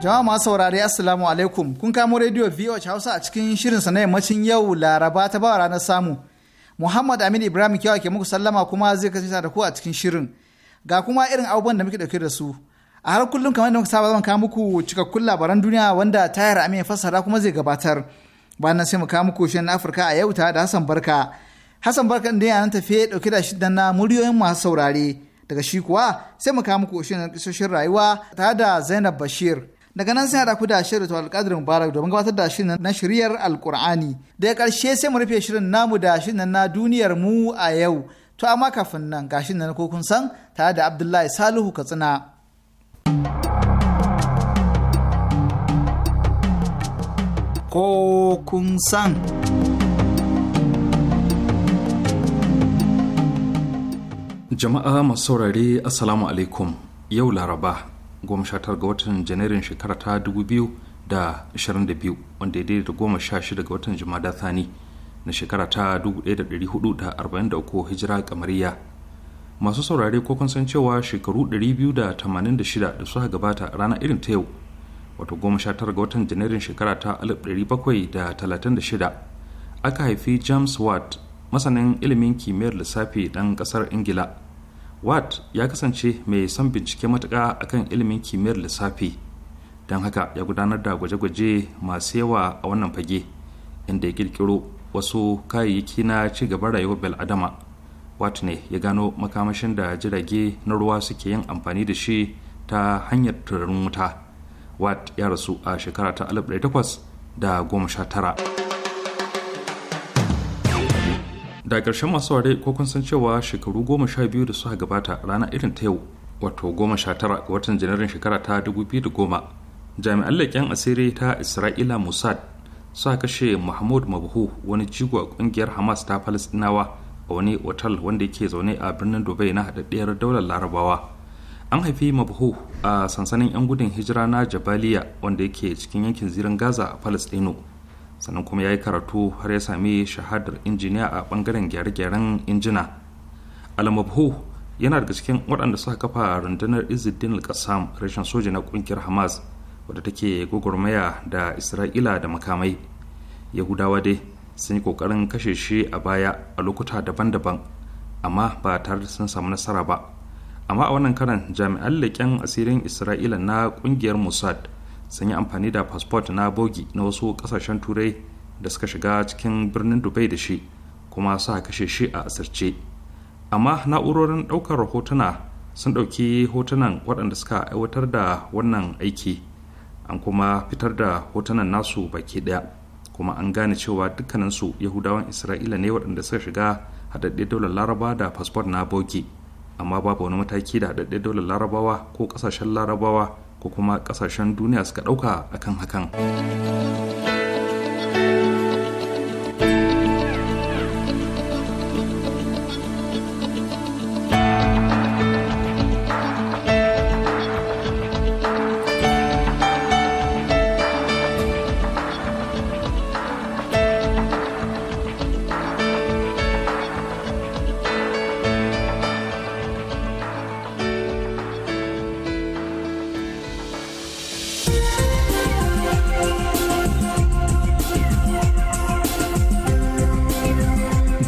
Jama'a masu saurari Assalamu alaikum kun kamo rediyo VOH Hausa a cikin shirin sa na yammacin yau Laraba ta bawa ranar samu. Muhammad Aminu Ibrahim kyawa ke muku sallama kuma zai kasance da ku a cikin shirin. Ga kuma irin abubuwan da muke dauke da su. A har kullum kamar da muka saba zan kawo muku cikakkun labaran duniya wanda tayar Aminu fassara kuma zai gabatar. Bayan sai mu kawo muku shirin Afirka a yau tare da Hassan Barka. Hassan Barka da yana tafe dauke da shidan na muryoyin masu saurare. Daga shi kuwa sai mu kawo muku shirin rayuwa tare da Zainab Bashir. daga nan sai a ku da shirin to alƙadir mubarak domin gabatar da shirin na shiryar da daga karshe sai mu rufe shirin namu da shirin na duniyar mu a yau to amma kafin nan ga shirin na kokun san tare da abdullahi salihu katsina. Ko kun san. Jama'a masu saurare Assalamu alaikum yau Laraba goma tara ga watan janairun shekara ta biyu wanda ya daidaita shida ga watan jumada thani na shekara ta uku hijira kamariya masu saurare ko kun san cewa shekaru ɗari biyu da da suka gabata rana irin ta yau wato goma tara ga watan janairun shekara ta shida aka haifi james watt masanin ilimin kimiyyar lissafi ɗan ƙasar ingila watt ya kasance mai son bincike matuƙa akan ilimin kimiyyar lissafi don haka ya gudanar da gwaje-gwaje masu yawa a wannan fage inda ya kirkiro wasu kayayyaki na ci gaban rayuwar bel'adama watt ne ya gano makamashin da jirage na ruwa suke yin amfani da shi ta hanyar turarin wuta watt ya rasu a shekara ta 1819 da ƙarshen masu ware ko kun san cewa shekaru goma sha biyu da suka gabata rana irin ta yau wato goma sha tara ga watan janairun shekara ta dubu biyu da goma jami'an leƙen asiri ta isra'ila musad suka kashe mahmud mabuhu wani jigo a ƙungiyar hamas ta falastinawa a wani otal wanda yake zaune a birnin dubai na haɗaɗɗiyar daular larabawa an haifi mabuhu a sansanin 'yan gudun hijira na jabaliya wanda yake cikin yankin zirin gaza a falastino sannan kuma ya yi karatu har ya sami shahadar injiniya a bangaren gyare-gyaren injina alamabhu yana daga cikin waɗanda suka kafa rundunar izidin al-qassam rashin soja na ƙungiyar hamas wadda take gwagwarmaya da isra'ila da makamai yahudawa dai sun yi ƙoƙarin kashe shi a baya a lokuta daban-daban amma ba tare da sun samu nasara ba amma a wannan karan jami'an leƙen asirin isra'ila na ƙungiyar mossad sun yi amfani da fasfot na bogi na wasu kasashen turai da suka shiga cikin birnin dubai da shi kuma suka kashe shi a asirce amma na'urorin ɗaukar hotuna sun ɗauki hotunan waɗanda suka aiwatar da wannan aiki an kuma fitar da hotunan nasu baki ɗaya kuma an gane cewa dukkaninsu yahudawan isra'ila ne waɗanda suka shiga haɗaɗɗe daular laraba da fasfot na bogi amma babu wani mataki da haɗaɗɗe daular larabawa ko ƙasashen larabawa ko kuma kasashen duniya suka ɗauka akan hakan.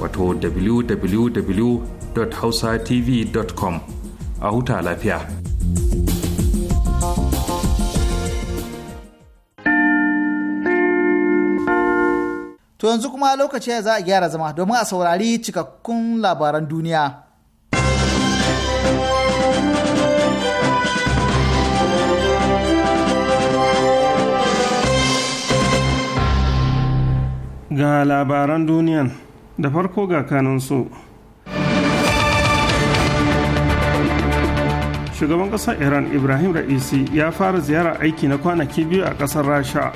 wato www.hausatv.com a huta lafiya. To yanzu kuma lokaci ya za a gyara zama domin a saurari cikakkun labaran duniya. Ga labaran duniyan da farko ga su. shugaban ƙasar iran ibrahim ra'isi ya fara ziyara aiki na kwanaki biyu a ƙasar rasha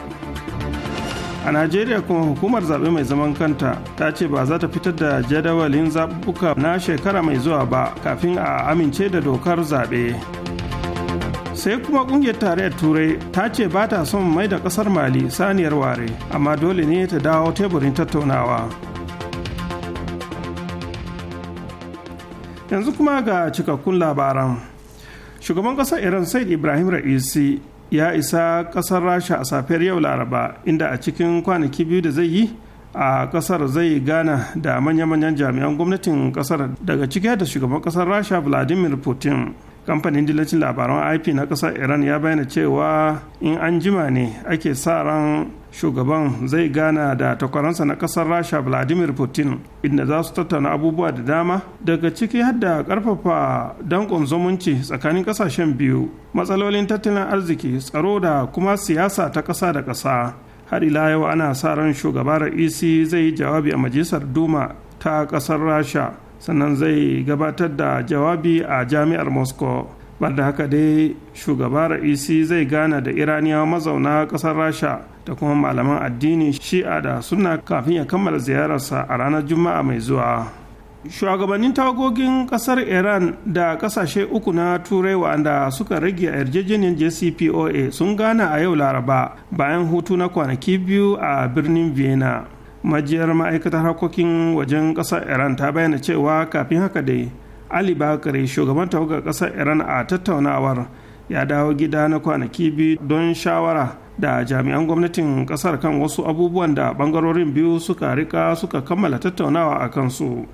a najeriya kuma hukumar zaɓe mai zaman kanta ta ce ba za ta fitar da jadawalin zaɓuɓɓuka na shekara mai zuwa ba kafin a amince da dokar zaɓe sai kuma ƙungiyar tarayyar turai ta ce ba ta son mai da ƙasar mali saniyar ware amma dole ne ta dawo teburin tattaunawa yanzu kuma ga cikakkun labaran shugaban ƙasar iran said ibrahim ra'isi ya isa ƙasar rasha a safiyar yau laraba inda a cikin kwanaki biyu da zai yi a ƙasar zai gana da manya-manyan jami'an gwamnatin ƙasar daga cike da shugaban ƙasar rasha vladimir putin kamfanin dillacin labaran ip na ƙasar iran ya bayyana cewa in an jima ne ake sa ran shugaban zai gana da takwaransa na ƙasar rasha vladimir putin inda za su tattauna abubuwa da dama daga ciki hadda da ƙarfafa danƙon zumunci tsakanin ƙasashen biyu matsalolin tattalin arziki tsaro da kuma siyasa ta ƙasa da ƙasa har ila yau ana sa ran shugaba ra'isi zai yi jawabi a majalisar duma ta ƙasar rasha sannan zai gabatar da jawabi a jami'ar moscow bar da haka dai shugaba ra'isi zai gana da iraniyawa mazauna kasar rasha da kuma malaman addini shi'a da suna kafin ya kammala ziyararsa a ranar juma'a mai zuwa shugabannin tagogin kasar iran da kasashe uku na turai wanda suka rage a yarjejeniyar jcpoa sun gana a yau laraba bayan hutu na kwanaki biyu a birnin vienna majiyar ma'aikatar harkokin wajen ƙasar iran ta bayyana cewa kafin haka dai ali bakare shugaban tawagar ƙasar iran a tattaunawar ya dawo gida na kwanaki biyu don shawara da jami'an gwamnatin ƙasar kan wasu abubuwan da bangarorin biyu suka rika suka kammala tattaunawa a kansu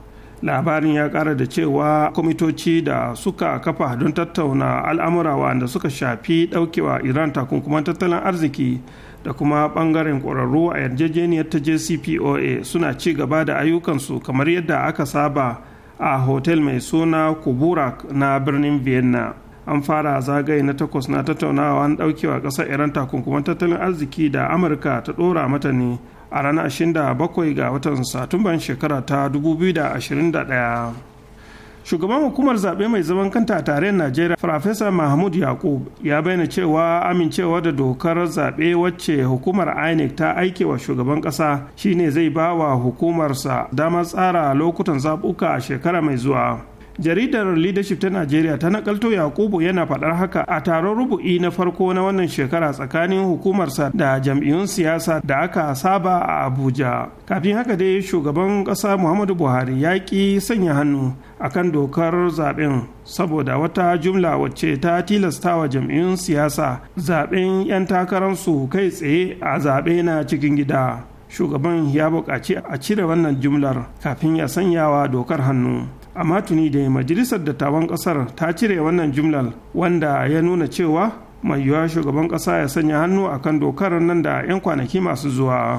labarin ya kara da cewa kwamitoci da suka kafa don tattauna al'amura wanda suka shafi ɗaukewa iran takunkuman tattalin arziki da kuma bangaren ƙwararru a yarjejeniyar ta jcpoa suna ci gaba da ayyukansu kamar yadda aka saba a hotel mai suna kuburak na birnin vienna an fara zagaye na takwas na tattaunawa an ɗaukewa ƙasar iran takunkuman tattalin arziki da amurka ta ɗora mata ne a ranar 27 ga watan satumban shekara ta 2021 shugaban hukumar zaɓe mai zaman kanta a tarayyar najeriya farfesa mahmud yakub ya bayyana cewa amincewa da dokar zaɓe wacce hukumar inec ta aike wa shugaban ƙasa shine zai ba wa hukumarsa damar tsara lokutan zaɓuka a shekara mai zuwa jaridar leadership ta najeriya ta nakalto yakubu yana faɗar haka a taron rubu'i na farko na wannan shekara tsakanin hukumarsa da jam'iyyun siyasa da aka saba a abuja kafin haka dai shugaban ƙasa muhammadu buhari ya ƙi sanya hannu a kan dokar zaɓen saboda wata jumla wacce ta tilasta wa jam'iyyun siyasa zaɓen 'yan takararsu kai tsaye a zaɓe na cikin gida shugaban ya buƙaci a cire wannan jumlar kafin ya sanya wa dokar hannu amma tuni da majalisar dattawan kasar ta cire wannan jumlar wanda ya nuna cewa mai yiwuwa shugaban kasa ya sanya hannu akan dokar nan da 'yan kwanaki masu zuwa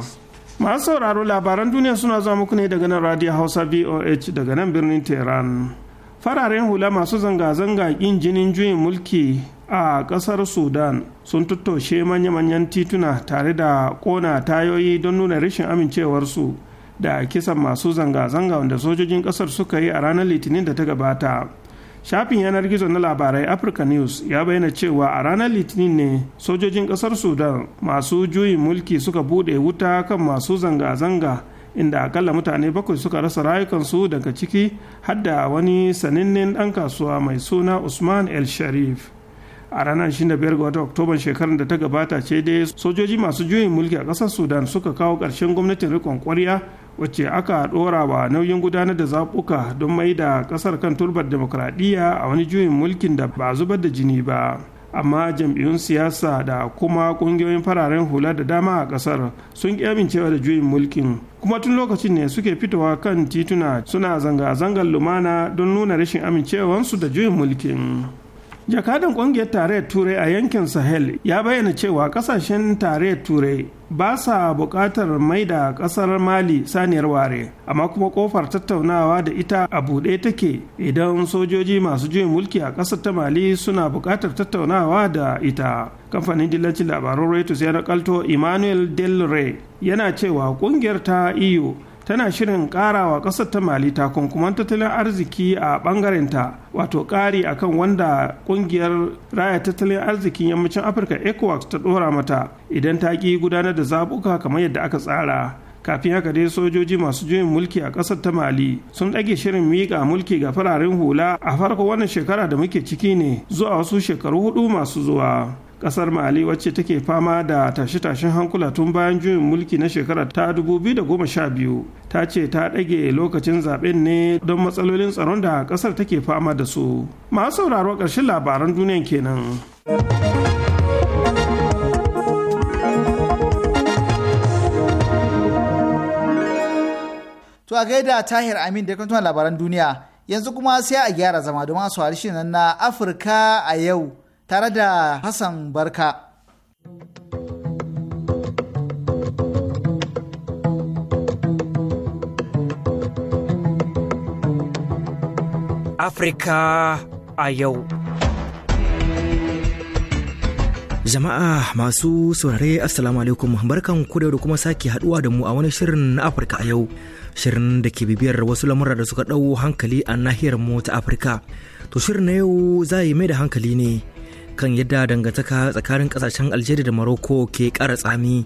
masu sauraro labaran duniya suna zuwa muku ne daga nan radio hausa voh daga nan birnin tehran fararen hula masu zanga-zanga ƙin jinin juyin mulki a ƙasar sudan sun tattaushe manya-manyan tituna tare da ƙona tayoyi don nuna rashin amincewarsu da kisan masu zanga-zanga wanda sojojin kasar suka yi a ranar litinin da ta gabata shafin yanar gizo na labarai africa news ya bayyana cewa a ranar litinin ne sojojin kasar sudan masu juyin mulki suka bude wuta kan masu zanga-zanga inda akalla mutane bakwai suka rasa rayukansu daga ciki hadda wani sanannen dan kasuwa mai suna usman el sharif a ranar 25 ga watan oktoban shekarar da ta gabata ce dai sojoji masu juyin mulki a ƙasar sudan suka kawo ƙarshen gwamnatin rikon ƙwarya wacce aka ɗora wa nauyin gudanar da zaɓuka don mai da ƙasar kan turbar demokradiyya a wani juyin mulkin da ba zubar da jini ba amma jam'iyyun siyasa da kuma ƙungiyoyin fararen hula da dama a ƙasar sun ƙi amincewa da juyin mulkin kuma tun lokacin ne suke fitowa kan tituna suna zanga-zangar lumana don nuna rashin amincewarsu da juyin mulkin jakadan kungiyar tarayyar turai a yankin sahel ya bayyana cewa kasashen tarayyar turai ba sa buƙatar mai da ƙasar mali saniyar ware amma kuma kofar tattaunawa da ita a buɗe take idan sojoji masu juyin mulki a ƙasar ta mali suna buƙatar tattaunawa da ita kamfanin dillacin labarun reuters ya nakalto emmanuel del rey yana cewa ƙungiyar ta iyo e tana shirin wa ƙasar ta mali takunkuman tattalin arziki a ɓangarenta wato kari akan wanda ƙungiyar raya tattalin arzikin yammacin afirka ecowas ta ɗora mata idan ta ƙi gudanar da zabuka kamar yadda aka tsara kafin haka dai sojoji masu juyin mulki a ƙasar ta mali sun ɗage shirin miƙa mulki ga fararen hula a farko wannan shekara da muke ciki ne zuwa wasu shekaru hudu masu zuwa kasar mali wacce take fama da tashe-tashen hankula tun bayan juyin mulki na shekarar ta 2012 ta ce ta ɗage lokacin zaben ne don matsalolin tsaron da kasar take fama da su masu sauraro karshen labaran duniyan kenan to a gaida tahir amin da kuma labaran duniya yanzu kuma sai a gyara zama domin a su nan na afirka a yau tare da Hassan Barka. Afirka a yau. Jama'a masu saurare Assalamu alaikum barkan ku da kuma sake haduwa da mu a wani shirin na Afirka a yau. Shirin da ke bibiyar wasu lamura da suka ɗau hankali a nahiyar mu ta Afirka. To shirin na yau za yi mai da hankali ne kan yadda dangantaka tsakanin kasashen aljeriya da morocco ke kara tsami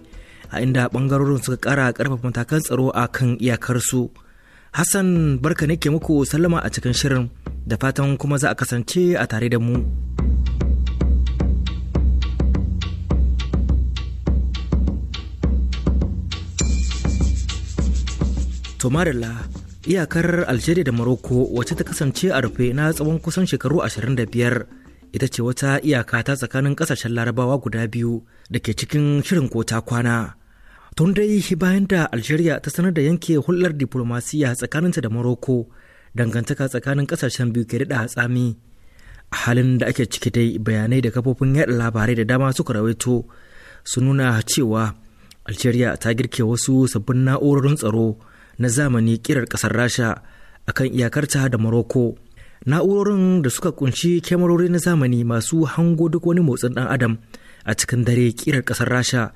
a inda bangarorin suka kara karfafa matakan tsaro a kan iyakarsu hassan barka ne ke muku sallama a cikin shirin da fatan kuma za a kasance a tare da mu tomarilla iyakar algeria da morocco wacce ta kasance a rufe na tsawon kusan shekaru 25 ita ce wata iyaka ta tsakanin kasashen larabawa guda biyu da ke cikin shirin ko kwana tun dai bayan da algeria ta sanar da yanke hulɗar diplomasiya tsakaninta da morocco dangantaka tsakanin kasashen biyu ke daɗa hatsami. a halin da ake ciki dai bayanai da kafofin yaɗa labarai da dama suka rawaito su nuna cewa algeria ta girke wasu sabbin na'urorin tsaro na zamani kirar kasar rasha akan iyakarta da morocco na'urorin da suka kunshi kyamarori na zamani masu hango duk wani motsin dan adam a cikin dare kirar kasar rasha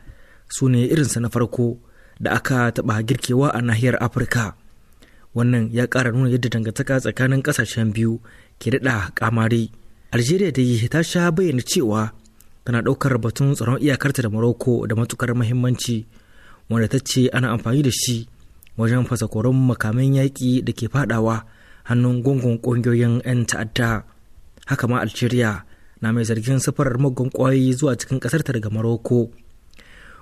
su ne irinsa na farko da aka taba girkewa a nahiyar afirka wannan ya kara nuna yadda dangantaka tsakanin kasashen biyu ke daɗa ƙamari algeria da yi ta sha bayyana cewa tana ɗaukar batun tsaron iyakarta da morocco da matukar mahimmanci wanda ta ce ana amfani da shi wajen fasa koron makaman yaƙi da ke fadawa. hannun gungun ƙungiyoyin 'yan ta'adda haka ma algeria na mai zargin safarar muggan ƙwayoyi zuwa cikin ƙasar ta daga maroko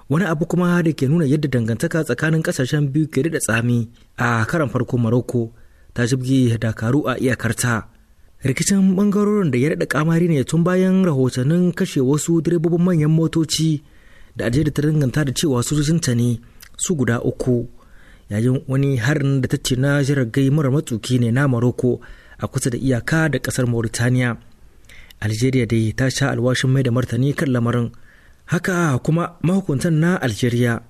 wani abu kuma da ke nuna yadda dangantaka tsakanin ƙasashen biyu ke da tsami a karan farko maroko ta jibgi dakaru a iyakarta rikicin bangarorin da ya daɗa kamari ne tun bayan rahotannin kashe wasu direbobin manyan motoci da ajiyar ta danganta da cewa sojojinta ne su guda uku yayin wani harin da ta ce na jirar mara matsuki ne na maroko a kusa da iyaka da kasar mauritaniya Algeria dai ta sha alwashin mai da martani kan lamarin. Haka kuma mahukuntan na Algeria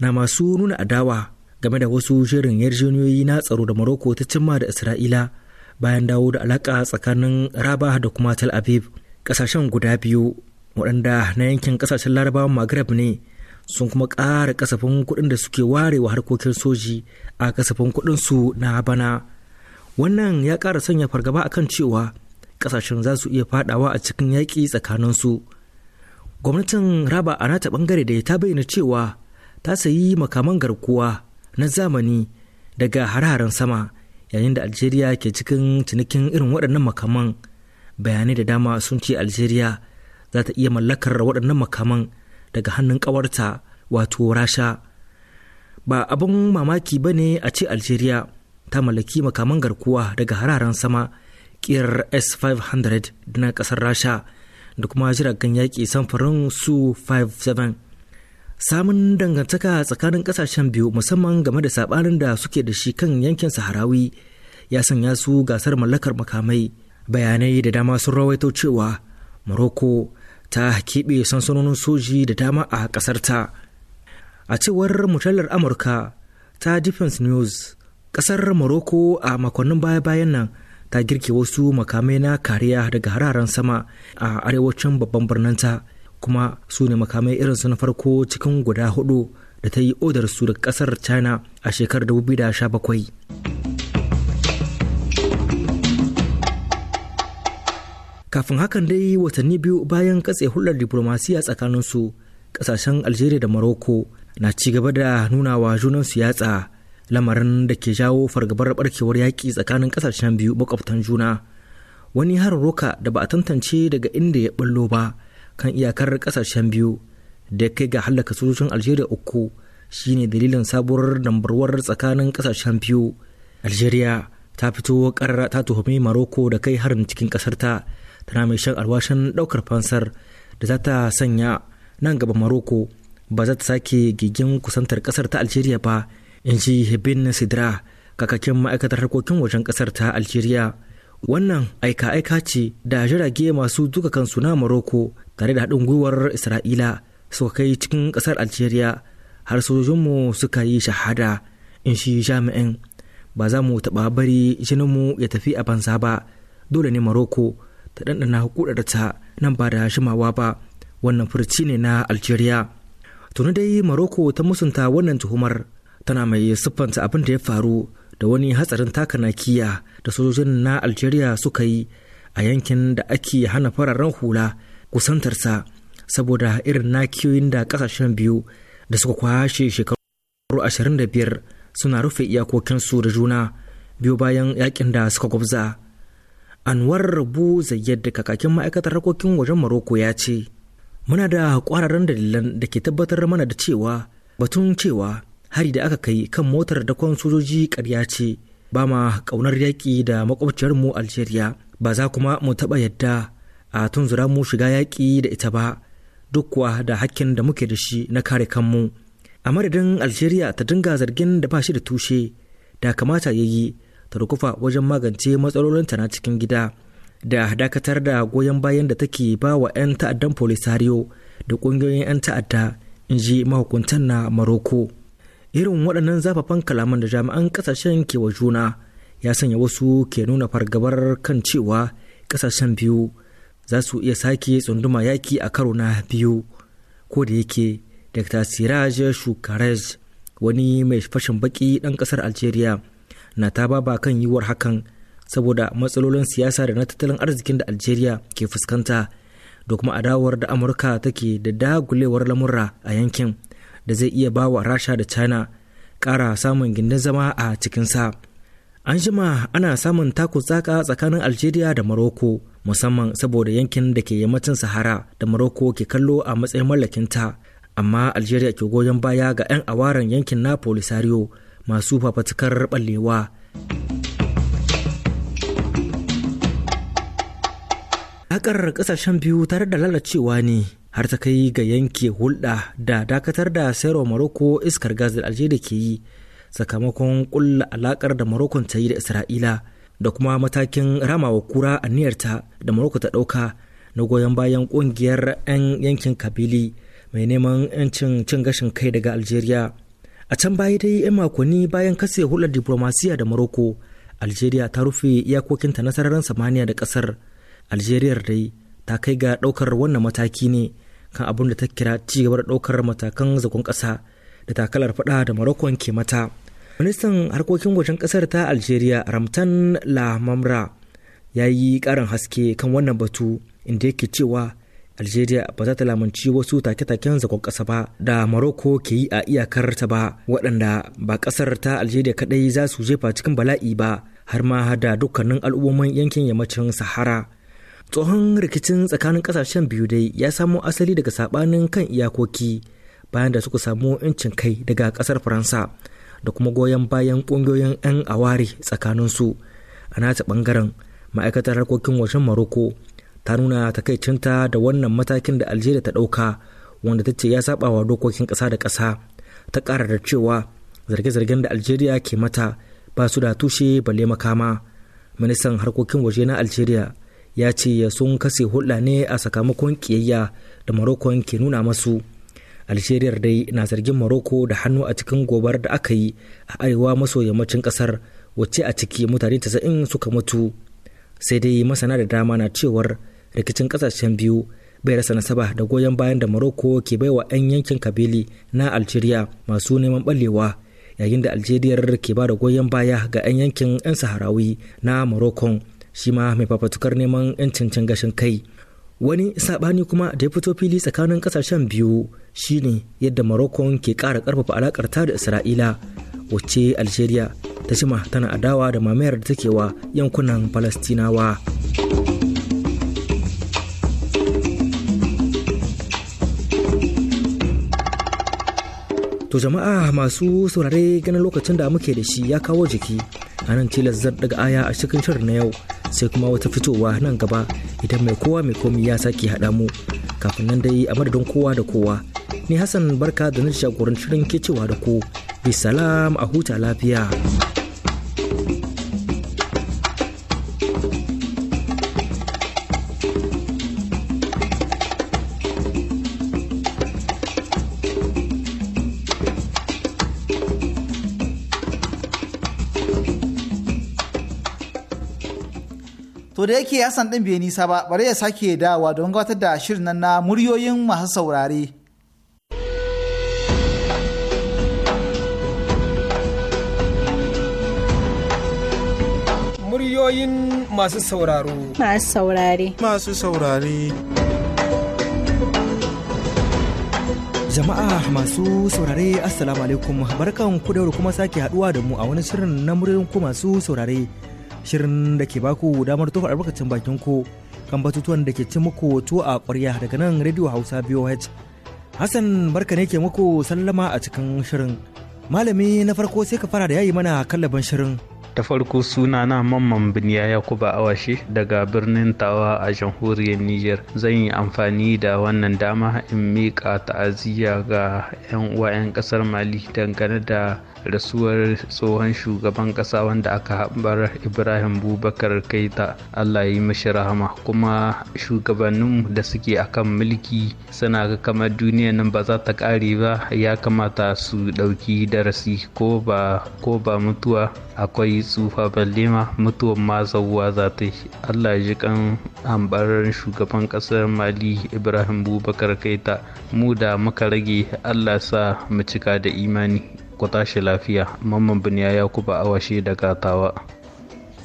na masu nuna adawa game da wasu shirin yarjejeniyoyi na tsaro da maroko ta cimma da Isra'ila bayan dawo da alaka tsakanin Rabah da kuma tal Aviv. Kasashen guda biyu waɗanda na yankin kasashen larabawan Maghreb ne sun kuma ƙara kasafin kuɗin da suke warewa harkokin soji a kasafin kuɗinsu na bana wannan ya ƙara sanya fargaba akan cewa ƙasashen za su iya fadawa a cikin yaƙi tsakaninsu gwamnatin raba a nata ɓangare da ta bayyana cewa ta sayi makaman garkuwa na zamani daga hare-haren sama yayin da algeria ke cikin cinikin irin waɗannan makaman bayanai da dama sun ce algeria za ta iya mallakar waɗannan makaman daga hannun kawarta wato rasha ba abin mamaki ba ne a ce algeria ta mallaki makaman garkuwa daga hararen sama kirar s-500 na kasar rasha da kuma jiragen yaƙi samfurin su-57 samun dangantaka tsakanin kasashen biyu musamman game da saɓanin da suke da shi kan yankin saharawi ya sanya su gasar mallakar makamai bayanai da dama sun rawaito cewa morocco ta keɓe sansanonin soji da dama a ƙasar ta a cewar mutallar amurka ta defense news ƙasar morocco a makonnin baya-bayan nan ta girke wasu makamai na kariya daga hararen sama a arewacin babban birninta kuma su ne makamai su na farko cikin guda hudu da ta yi odar su daga kasar china a shekarar 2017 kafin hakan dai watanni biyu bayan katse hulɗar diplomasiya su ƙasashen algeria da morocco na ci gaba da nuna wa junansu yatsa lamarin da ke jawo fargabar barkewar yaƙi tsakanin ƙasashen biyu makwabtan juna wani harin roka da ba a tantance daga inda ya ɓallo ba kan iyakar ƙasashen biyu da kai ga hallaka sojojin algeria uku shine dalilin sabuwar dambarwar tsakanin ƙasashen biyu algeria ta fito karara ta tuhumi maroko da kai harin cikin ƙasarta tana mai shan alwashin ɗaukar fansar da za ta sanya nan gaba maroko ba za ta sake gigin kusantar ƙasar ta algeria ba in ji hibin sidra kakakin ma'aikatar harkokin wajen ƙasar ta algeria wannan aika-aika ce da jirage masu duka kansu na maroko tare da haɗin gwiwar isra'ila suka kai cikin ƙasar algeria har sojojinmu suka yi shahada in shi jami'in ba za mu taɓa bari jininmu ya tafi a banza ba dole ne maroko ta ɗanɗana hukudarta nan ba da jimawa ba wannan furci ne na algeria tuni dai maroko ta musunta wannan tuhumar tana mai siffanta abin da ya faru da wani hatsarin takanakiya da sojojin na algeria suka yi a yankin da ake hana fararen hula kusantarsa saboda irin nakiyoyin da kasashen biyu da suka kwashe shekaru biyar suna rufe iyakokinsu da juna biyu bayan yakin da suka gwabza anwar rabu zayyad da kakakin ma'aikatar harkokin wajen maroko ya ce muna da kwararren dalilan da ke tabbatar mana da cewa batun cewa hari da aka kai kan motar dakon sojoji karya ce ba ma ƙaunar yaƙi da mu algeria ba za kuma mu taɓa yadda a tunzura mu shiga yaƙi da ita ba duk kuwa da hakkin da muke da shi na kare kanmu a madadin algeria ta dinga zargin da ba shi da tushe da kamata ya yi ta wajen magance matsalolinta na cikin gida da dakatar da goyon bayan da take ba wa 'yan ta'addan polisario da ƙungiyoyin 'yan ta'adda in ji mahukuntan na maroko irin waɗannan zafafan kalaman da jami'an ƙasashen ke wa juna ya sanya wasu ke nuna fargabar kan cewa ƙasashen biyu za su iya sake tsunduma yaki a karo na biyu ko da yake dr siraj shukarez wani mai fashin baki ɗan ƙasar algeria na ta baba kan yiwuwar hakan saboda matsalolin siyasa da na tattalin arzikin da algeria ke fuskanta da kuma adawar da amurka take da dagulewar lamurra a yankin da zai iya ba wa rasha da china kara samun gindin zama a cikinsa an jima ana samun taku tsaka tsakanin algeria da maroko musamman saboda yankin da ke yammacin sahara da maroko ke kallo a matsayin mallakinta amma algeria ke goyon baya ga 'yan awaren yankin na polisario masu fafatukar ɓallewa. Haƙar ƙasashen biyu tare da lalacewa ne har ta kai ga yanke hulɗa da dakatar da sayarwa Morocco iskar gas da Algeria ke yi sakamakon ƙulla alaƙar da Morocco ta yi da Isra'ila da kuma matakin ramawa kura a niyarta da Morocco ta ɗauka na goyon bayan ƙungiyar 'yan yankin Kabili mai neman 'yancin cin gashin kai daga Algeria. a can baya dai 'yan makonni bayan kase hular diplomasiya da maroko algeria ta rufe iyakokinta na sararin samaniya da kasar algeria dai ta kai ga ɗaukar wannan mataki ne kan abin da ta kira ci gaba da ɗaukar matakan zagon ƙasa da takalar faɗa da morocco ke mata ministan harkokin wajen ƙasar ta algeria ramtan la mamra ya yi ƙarin haske kan wannan batu inda yake cewa algeria ba za ta lamunci wasu take-taken zagon ƙasa ba da morocco ke yi a iyakar ta ba waɗanda ba ƙasar ta algeria kaɗai za su jefa cikin bala'i ba har ma da dukkanin al'ummomin yankin yammacin sahara tsohon rikicin tsakanin ƙasashen biyu dai ya samo asali daga saɓanin kan iyakoki bayan da suka samu incin kai daga ƙasar faransa da kuma goyon bayan ƙungiyoyin 'yan aware su a nata ɓangaren ma'aikatar harkokin wajen morocco ta nuna takaicinta da wannan matakin da algeria ta ɗauka wanda ta ce ya saba wa dokokin ƙasa da ƙasa ta ƙara da cewa zarge-zargen da algeria ke mata ba su da tushe balle makama ministan harkokin waje na algeria ya ce sun kase hulɗa ne a sakamakon ƙiyayya da morocco ke nuna masu algeria dai na zargin morocco da hannu a cikin gobar da aka yi a arewa maso yammacin ƙasar wacce a ciki mutane 90 suka mutu sai dai masana da dama na cewar rikicin kasashen biyu bai rasa nasaba da goyon bayan da morocco ke baiwa 'yan yankin kabili na algeria masu neman ɓallewa yayin da algeriyar ke ba da goyon baya ga 'yan yankin 'yan saharawi na morocco shi ma mai fafatukar neman 'yancin cin gashin kai wani sabani kuma da ya fito fili tsakanin kasashen biyu shine yadda morocco ke ƙara ƙarfafa alakarta ta da isra'ila wacce algeria ta shima tana adawa da mamayar da take wa yankunan palestinawa. To jama'a masu saurare ganin lokacin da muke da shi ya kawo jiki a nan tilas zan daga aya a cikin shirin na yau sai kuma wata fitowa nan gaba idan mai kowa mai komi ya sake haɗa mu kafin nan dai a madadin kowa da kowa ni Hassan barka da na jagorancin shirin ke cewa da ku bisalam a huta lafiya. da yake san ɗin bai nisa ba bari ya sake dawa don gabatar da shirin nan na muryoyin masu saurare. Muryoyin masu sauraro. Masu saurare. Masu saurare. Jama'a masu saurare Assalamu alaikum barkan ku da kuma sake haduwa da mu a wani shirin na muryoyin ku masu saurare. shirin da ke baku damar tofa albarkacin bakin ku kan batutuwan da ke ci muku tuwo a ƙwarya daga nan rediyo Hausa VOH. Hassan barka ne ke muku sallama a cikin shirin. Malami na farko sai ka fara da yayi mana kallaban shirin. ta farko suna na mamman biniya yakuba awashe daga birnin tawa a jamhuriyar niger zan yi amfani da wannan dama in mika ta'aziyya ga 'yan uwa 'yan ƙasar mali dangane da rasuwar tsohon shugaban ƙasa wanda aka haɓar ibrahim bubakar kaita allah yi mashi rahama kuma shugabannin da suke akan mulki suna ga kamar duniya nan ba za ta ƙare ba ya kamata su ɗauki darasi ko ba mutuwa akwai tsufa balle ma mutuwan ma zauwa za ta yi allah ji kan hambararren shugaban kasar mali ibrahim bubakar kaita mu da muka rage allah sa mu cika da imani ku tashi lafiya mamman biniya ya ba awashe daga tawa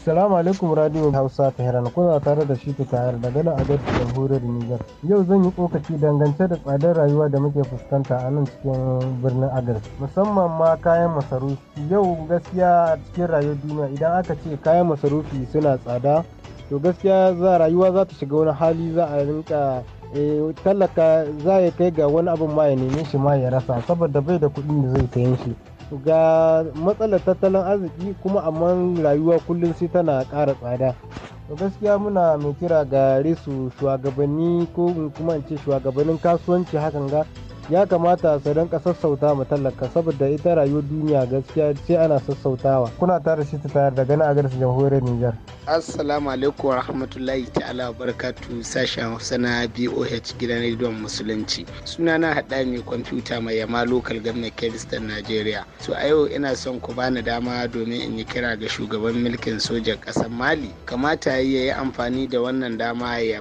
Assalamu alaikum Radio Hausa Tehran kuna tare da shi Tahir daga nan Agadez Jamhuriyar Niger. Yau zan yi kokaci dangance da tsadar rayuwa da muke fuskanta a nan cikin birnin Agadez musamman ma kayan masarufi. Yau gaskiya cikin rayuwar duniya idan aka ce kayan masarufi suna tsada to gaskiya za rayuwa za ta shiga wani hali za a rinka eh, tallaka za ya kai ga wani abin ma ya neme shi ma ya rasa saboda bai da kuɗin da zai sayen shi ga matsalar tattalin arziki kuma amma rayuwa kullum sai tana kara tsada to gaskiya muna mai kira ga resu shugabanni ko kuma in ce shugabannin kasuwanci hakan ga ya kamata su rinka sassauta ma tallaka saboda ita rayuwar duniya gaskiya ce ana sassautawa kuna tare shi ta tayar da gana a garsa jamhuriyar Nijar assalamu alaikum wa rahmatullahi ta'ala wa barakatu sashen hausa na boh gidan rediyon musulunci suna na haɗa mai kwamfuta mai yama local government kiristan nigeria to a yau ina son ku bani dama domin in yi kira ga shugaban mulkin sojan ƙasar mali kamata ya yi amfani da wannan dama ya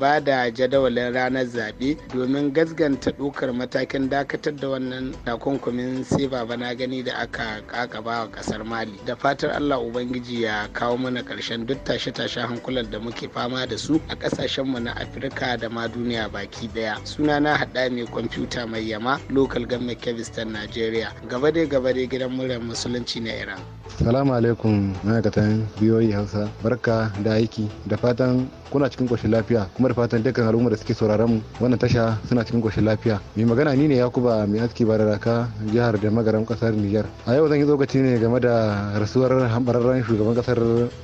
ba da jadawalin ranar zaɓe domin gasganta ɗaukar matakin dakatar da wannan takunkumin sai bana na gani da aka kakaba wa ƙasar mali da fatar allah ubangiji ya kawo mana ƙarshen duk tashe-tashe hankulan da muke fama da su a mu na afirka da ma duniya baki ɗaya na haɗa mai kwamfuta mai yama local government kevistan nigeria gaba dai gaba dai gidan muryar musulunci na iran salamu alaikum ma'aikatan biyoyi e hausa barka da aiki da fatan kuna cikin ƙoshin lafiya kuma da fatan dukkan al'ummar da suke sauraron mu wannan tasha suna cikin ƙoshin lafiya lafiya mai magana ni ne yakuba mai aski bararaka jihar da magaram kasar niger a yau zan yi lokaci ne game da rasuwar hambararren shugaban kasar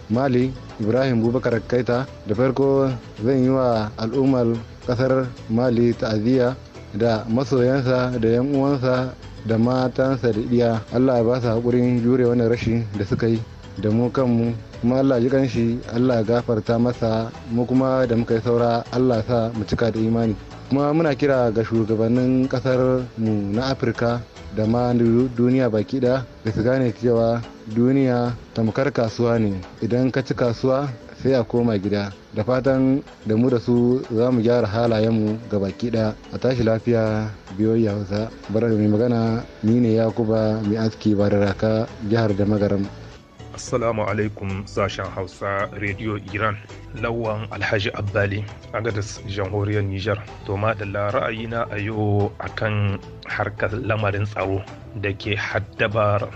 mali ibrahim bubakar kaita da farko zan yi wa al'ummar kasar mali ta'aziyya da masoyansa da yan uwansa da matansa da iya allah ya ba su haƙurin jure wannan rashin da suka yi da mu kanmu kuma allah ji kanshi allah gafarta masa mu kuma da muka yi saura allah sa mu cika da imani kuma muna kira ga shugabannin kasar mu na afirka da ma duniya baki da da su gane cewa duniya tamkar kasuwa ne idan ka ci kasuwa sai a koma gida da fatan da mu da su za mu gyara halayenmu ga baki da a tashi lafiya biyoyya hausa bara mai magana ni ne yakuba mai aski ba da raka jihar da magaram Assalamu alaikum sashen Hausa Radio Iran. Lawan Alhaji Abbali Agadis, jamhuriyar Nijar. To madalla ra'ayina a yau akan harkar lamarin tsaro da ke haddabar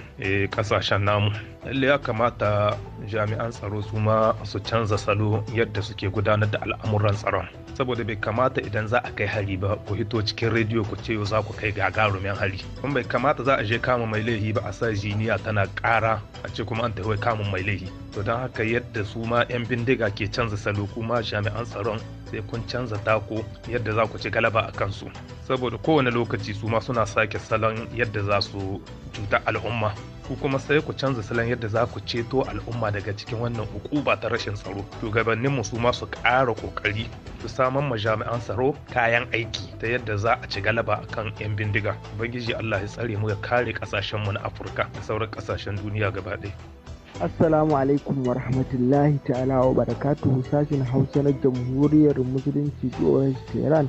kasashen eh, namu. Lalle ya kamata jami'an tsaro su ma su canza salo yadda suke gudanar da al'amuran tsaron. saboda bai kamata idan za a kai hari ba ku hito cikin rediyo ku ce za ku kai gagarumin hari kuma bai kamata za a je kama mai laifi ba a sa jiniya tana kara a ce kuma an tafi kamun mai laifi to don haka yadda su ma 'yan bindiga ke canza salo kuma jami'an tsaron sai kun canza tako yadda za ku ci galaba a kansu saboda kowane lokaci su ma suna sake salon yadda za su cuta al'umma ku kuma sai ku canza salon yadda za ku ceto al'umma daga cikin wannan hukuma ta rashin tsaro shugabannin mu su ma su ƙara ƙoƙari su samar ma jami'an tsaro kayan aiki ta yadda za a ci galaba kan 'yan bindiga ubangiji allah ya tsare mu ya kare mu na afirka da sauran kasashen duniya gaba ɗaya Assalamu alaikum wa rahmatullahi ta'ala wa barakatuhu sashen Hausa na Jamhuriyar Musulunci Tsohon Tehran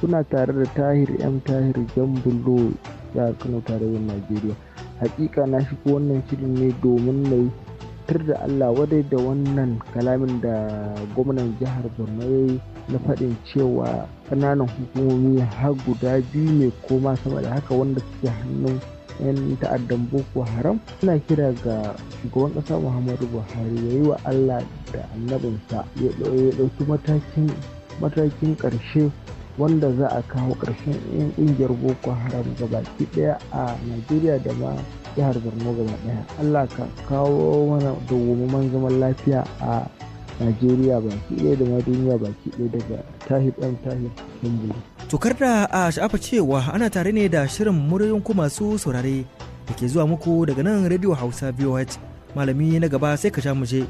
kuna tare da Tahir M Tahir Jambulo ya Kano tarayyar Najeriya. hakika na shigo wannan shirin ne domin na yi tur da allah wadai da wannan kalamin da gwamnan jihar borno ya yi na faɗin cewa ƙananan hukumomi har guda biyu ne koma sama da haka wanda suke hannun 'yan ta'addan boko haram suna kira ga shugaban ƙasa muhammadu buhari ya yi wa allah da annabinsa ya ɗauki matakin ƙarshe wanda za a kawo ƙarshen 'yan ƙungiyar boko haram gabaki ɗaya a najeriya da ma jihar borno gaba ɗaya allah ka kawo mana dawwammamen zaman lafiya a najeriya baki ɗaya da ma duniya baki ɗaya daga tahir ɗan tahir kimbulu. tokar da a sha'afa cewa ana tare ne da shirin muryoyin ku masu saurare da ke zuwa muku daga nan rediyo hausa voh malami na gaba sai ka sha mu je.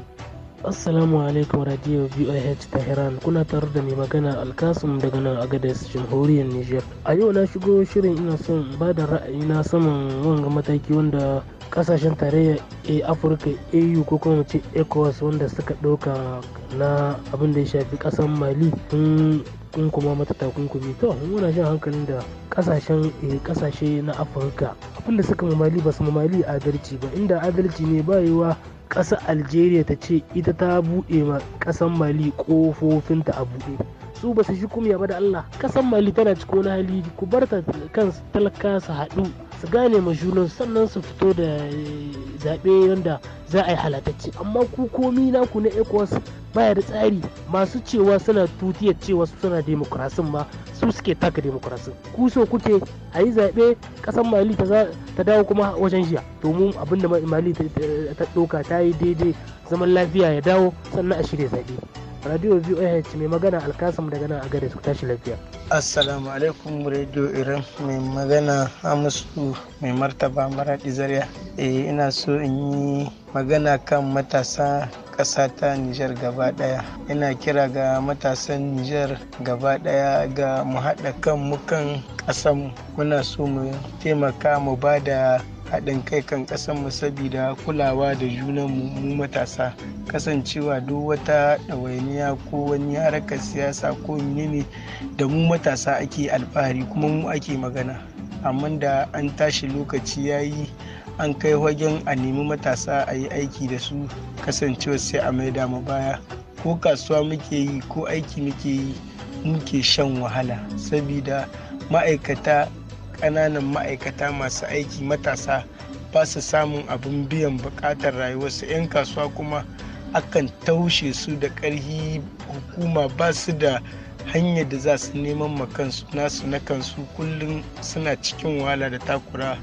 Assalamu alaikum radio VOH Tehran kuna tare da mai magana Alkasum daga nan Agadez jamhuriyar Niger. A yau na shigo shirin ina son ba da ra'ayi na saman wanga mataki wanda kasashen tarayya a Afirka AU ko kuma ce ECOWAS wanda suka ɗauka na abin da ya shafi ƙasar Mali tun kun kuma mata takunkumi to muna jin hankalin da kasashen eh, kasashe na afirka abin da suka mamali ba su mamali adalci ba inda adalci ne ba yiwa ƙasar algeria ta ce ita ta buɗe ma ƙasar mali ƙofofinta a buɗe su ba su shi kumya ba da allah ƙasar mali tana ciko na hali ku bar ta kansu talaka su haɗu su gane ma junan sannan su fito da eh, zaɓe wanda za a yi halatacce amma ku komi naku na ecowas baya da tsari masu cewa suna tutiyar cewa suna demokrasin ma su suke taka demokrasin ku so kuke a yi zaɓe ƙasar mali ta dawo kuma wajen jiya domin abin da mali ta ɗauka ta yi daidai zaman lafiya ya dawo sannan a shirya zaɓe radio voh mai magana alkasam daga nan a gare su tashi lafiya assalamu alaikum radio irin mai magana amusu mai martaba maraɗi zariya eh, ina so in yi magana kan matasa ƙasa ta Nijar gaba ɗaya. Ina kira ga matasan Nijar gaba ɗaya ga mu haɗa kan mukan ƙasan muna so mu taimaka mu ba da haɗin kai kan ƙasan mu saboda kulawa da junanmu mu matasa kasancewa duk wata ɗawainiya ko wani harkar siyasa ko menene da mu matasa ake alfahari kuma mu ake magana amma da an tashi lokaci ya yi an kai wajen a nemi matasa a yi aiki da su kasancewa sai a maida mu baya ko kasuwa muke yi ko aiki muke yi muke shan wahala sabida ma'aikata ƙananan ma'aikata masu aiki matasa ba su samun abin biyan buƙatar rayuwarsu 'yan kasuwa kuma akan taushe su da ƙarfi hukuma ba su da hanyar da za su neman makansu nasu na kansu kullum suna cikin wahala da takura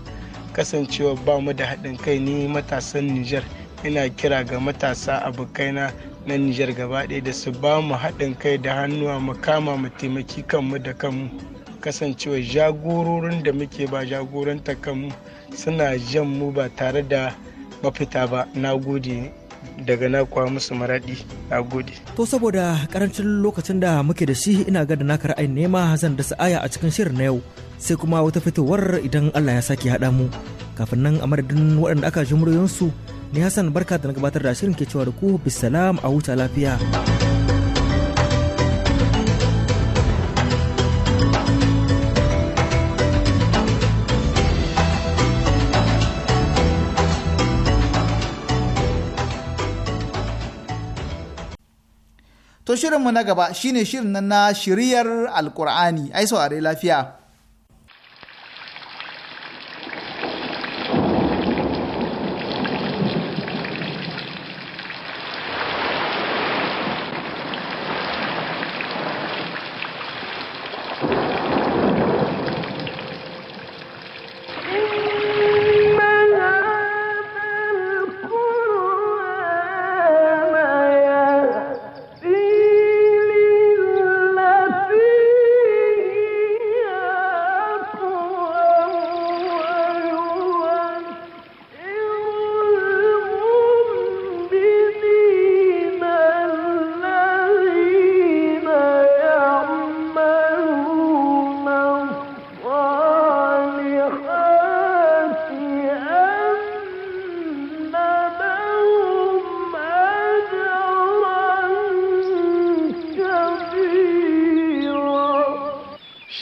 kasancewa ba mu da haɗin kai ni matasan Nijar ina kira ga matasa abokaina na Nijar gaba ɗaya da su ba mu haɗin kai da hannuwa mu kama mu taimaki kanmu da kanmu kasancewa jagororin da muke ba jagoranta kanmu suna jan mu ba tare da mafita ba na gode daga na kwa musu maraɗi na gode. To saboda karancin lokacin da muke da shi ina ga da naka ra'ayin nema zan da sa'aya a cikin shirin na yau sai kuma wata fitowar idan Allah ya sake haɗa mu kafin nan a madadin waɗanda aka ji muryoyinsu ni Hassan barka da na gabatar da shirin ke cewa da ku bisalam a huta lafiya. To shirinmu na gaba shine shirin na shiriyar Alkur'ani, ai saurare lafiya.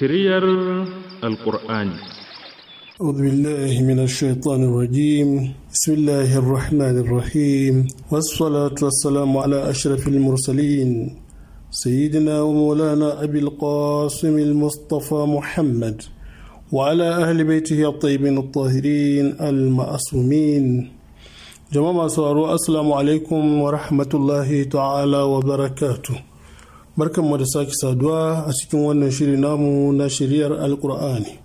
شرير القرآن أعوذ بالله من الشيطان الرجيم بسم الله الرحمن الرحيم والصلاة والسلام على أشرف المرسلين سيدنا ومولانا أبي القاسم المصطفى محمد وعلى أهل بيته الطيبين الطاهرين المعصومين جماعة سوارو السلام عليكم ورحمة الله تعالى وبركاته mu da sake saduwa a cikin wannan shiri namu na shiriyar alkur'ani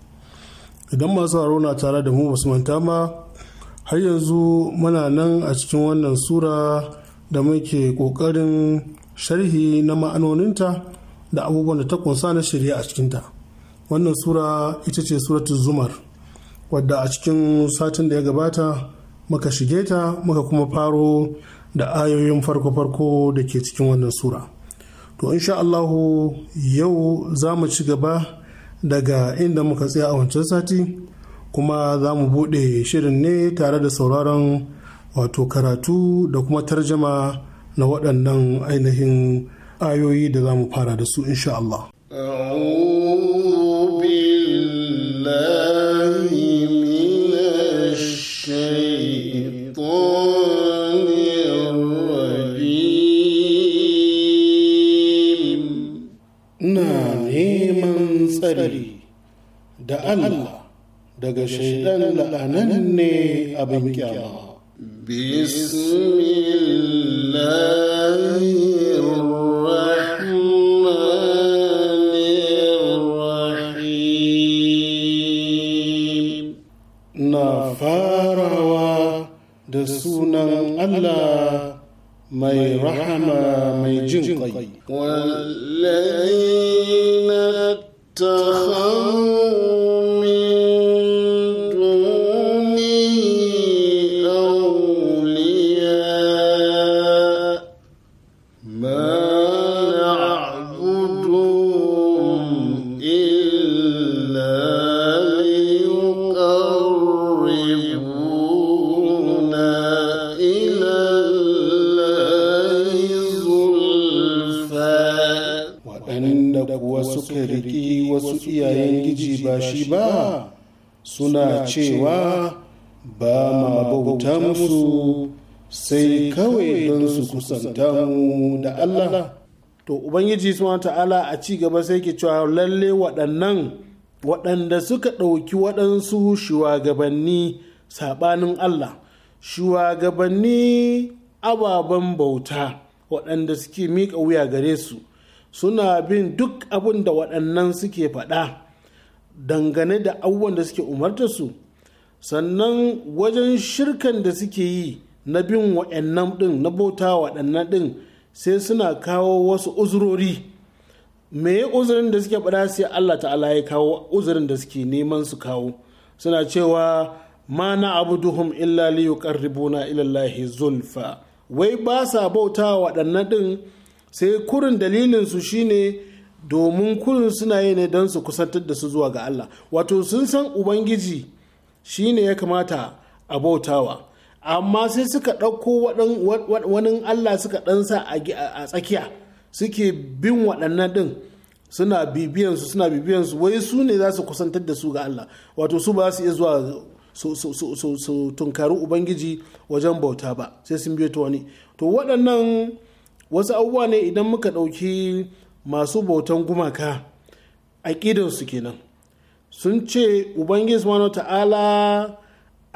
idan masu haro na tare da mu basu manta ma har yanzu muna nan a cikin wannan sura da muke ƙoƙarin sharhi na ma'anoninta da abubuwan da ta kunsa na shirya a cikinta wannan sura ita ce suratu zumar wadda a cikin satin da ya gabata muka shige ta muka kuma faro da ayoyin farko-farko da ke cikin wannan sura. to insha Allahu yau za mu ci gaba daga inda muka tsaya a wancan sati kuma za mu buɗe shirin ne tare da sauraron wato karatu da kuma tarjama na waɗannan ainihin ayoyi da za mu fara da su insha Allah. da Allah daga shaidan la'anan ne abin kyama. Na farawa da sunan Allah mai rahma mai jin ƙai. Wallai na ta kusanta mu da Allah to ubangiji suna ta'ala a ci gaba sai ke cewa lalle waɗannan waɗanda suka ɗauki waɗansu shugabanni saɓanin Allah shugabanni ababen bauta waɗanda suke miƙa wuya gare su suna bin duk abin da waɗannan suke faɗa dangane da abubuwan da suke umarta su sannan wajen shirkan da suke yi na bin wa'annan ɗin na bauta waɗannan ɗin sai suna kawo wasu uzurori me uzurin da suke faɗa sai Allah ta'ala ya kawo uzurin da suke neman su kawo suna cewa ma na abuduhum illa li yuqarribuna ila Allahi zulfa wai ba sa bauta waɗannan ɗin sai kurin dalilin su shine domin kurin suna yi ne don su kusantar da su zuwa ga Allah wato sun san ubangiji shine ya kamata a bautawa amma sai suka ɗauko wani allah suka ɗan sa a tsakiya suke bin waɗannan ɗin suna bibiyansu suna bibiyansu wai su ne za su kusantar da su ga allah wato su ba su iya zuwa su tunkari ubangiji wajen bauta ba sai sun biyo ta wani to waɗannan wasu abubuwa ne idan muka ɗauki masu bautan gumaka aƙidansu kenan sun ce ubangiji ta'ala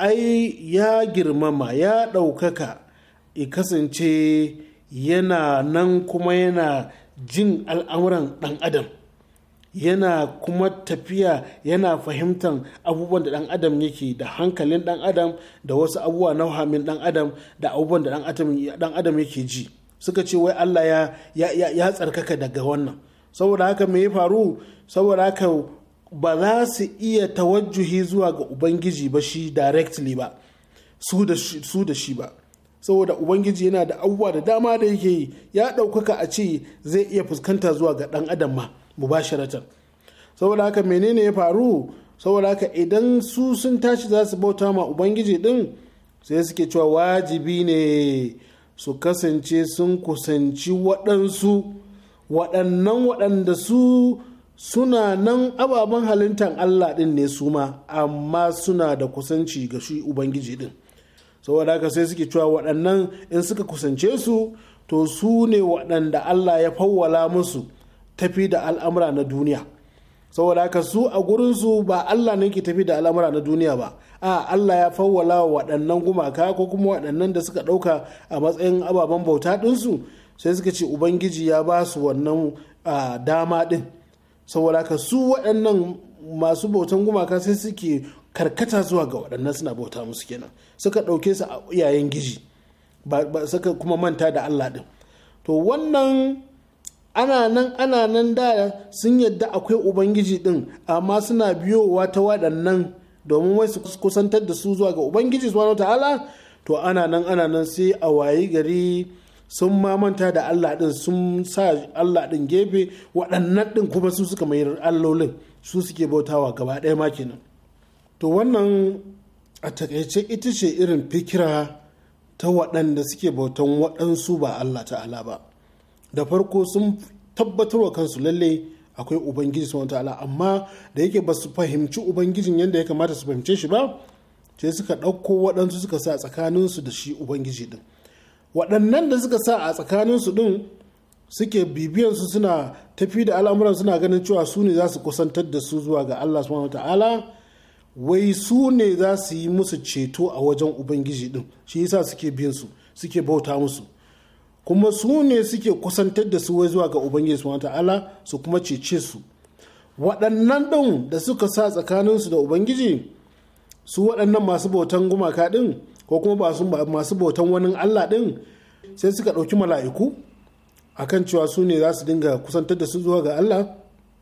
ai ya girmama ya ɗaukaka i kasance yana nan kuma yana jin al'amuran ɗan adam yana kuma tafiya yana fahimtar abubuwan da ɗan adam yake da hankalin ɗan adam da wasu abubuwa na hamin ɗan adam da abubuwan da ɗan adam yake ji suka ce wai allah ya, tsarkaka daga wannan saboda haka me ya faru saboda haka ba za su iya tawajjuhi zuwa ga ubangiji ba shi directly ba su da shi ba saboda ubangiji yana da abubuwa da dama da yake yi ya ɗaukaka a ce zai iya fuskanta zuwa ga ɗan adam ma mubasharatan saboda haka menene ya faru saboda haka idan su sun tashi za su bauta ma ubangiji din sai suke cewa wajibi ne su kasance sun kusanci waɗansu waɗannan waɗanda su suna nan ababen halittar Allah ɗin ne su ma amma suna da kusanci ga shi Ubangiji ɗin saboda haka sai suke cewa waɗannan in suka kusance su to su ne waɗanda Allah ya fawwala musu tafi da al'amura na duniya saboda haka su a gurinsu ba Allah ne ke tafi da al'amura na duniya ba a Allah ya fawwala waɗannan gumaka ko kuma waɗannan da suka ɗauka a matsayin ababen bauta ɗinsu sai suka ce Ubangiji ya ba su wannan dama ɗin. saboda ka su waɗannan masu bautan gumaka sai suke karkata zuwa ga waɗannan suna bauta musu kenan suka ɗauke su a yayin giji ba suka kuma manta da Allah ɗin to wannan ana nan ana nan da sun yadda akwai ubangiji ɗin amma suna biyowa ta waɗannan domin wai su kusantar da su zuwa ga ubangiji subhanahu ta'ala to ana nan ana nan sai a wayi gari sun mamanta da Allah din sun sa Allah din gefe waɗannan ɗin kuma su suka mai allolin su suke bautawa gaba ɗaya ma kenan to wannan a takaice ita ce irin fikira ta waɗanda suke bautan waɗansu ba Allah ta'ala ba da farko sun tabbatarwa kansu lalle akwai ubangiji subhanahu ta'ala amma da yake ba su fahimci ubangijin yadda ya kamata su fahimce shi ba sai suka ɗauko waɗansu suka sa tsakaninsu da shi ubangiji din waɗannan da suka sa a tsakanin su ɗin suke bibiyansu suna tafi da al'amuran suna ganin cewa su ne za su kusantar da su zuwa ga Allah subhanahu ta'ala wai su ne za su yi musu ceto a wajen ubangiji ɗin shi yasa suke biyan su suke bauta musu kuma su ne suke kusantar da su wai zuwa ga ubangiji subhanahu ta'ala su kuma cece su waɗannan ɗin da suka sa tsakanin su da ubangiji su waɗannan masu bautan gumaka ɗin ko kuma masu bautan wani Allah ɗin sai suka ɗauki mala'iku a kan cewa su ne za su dinga kusantar da su zuwa ga Allah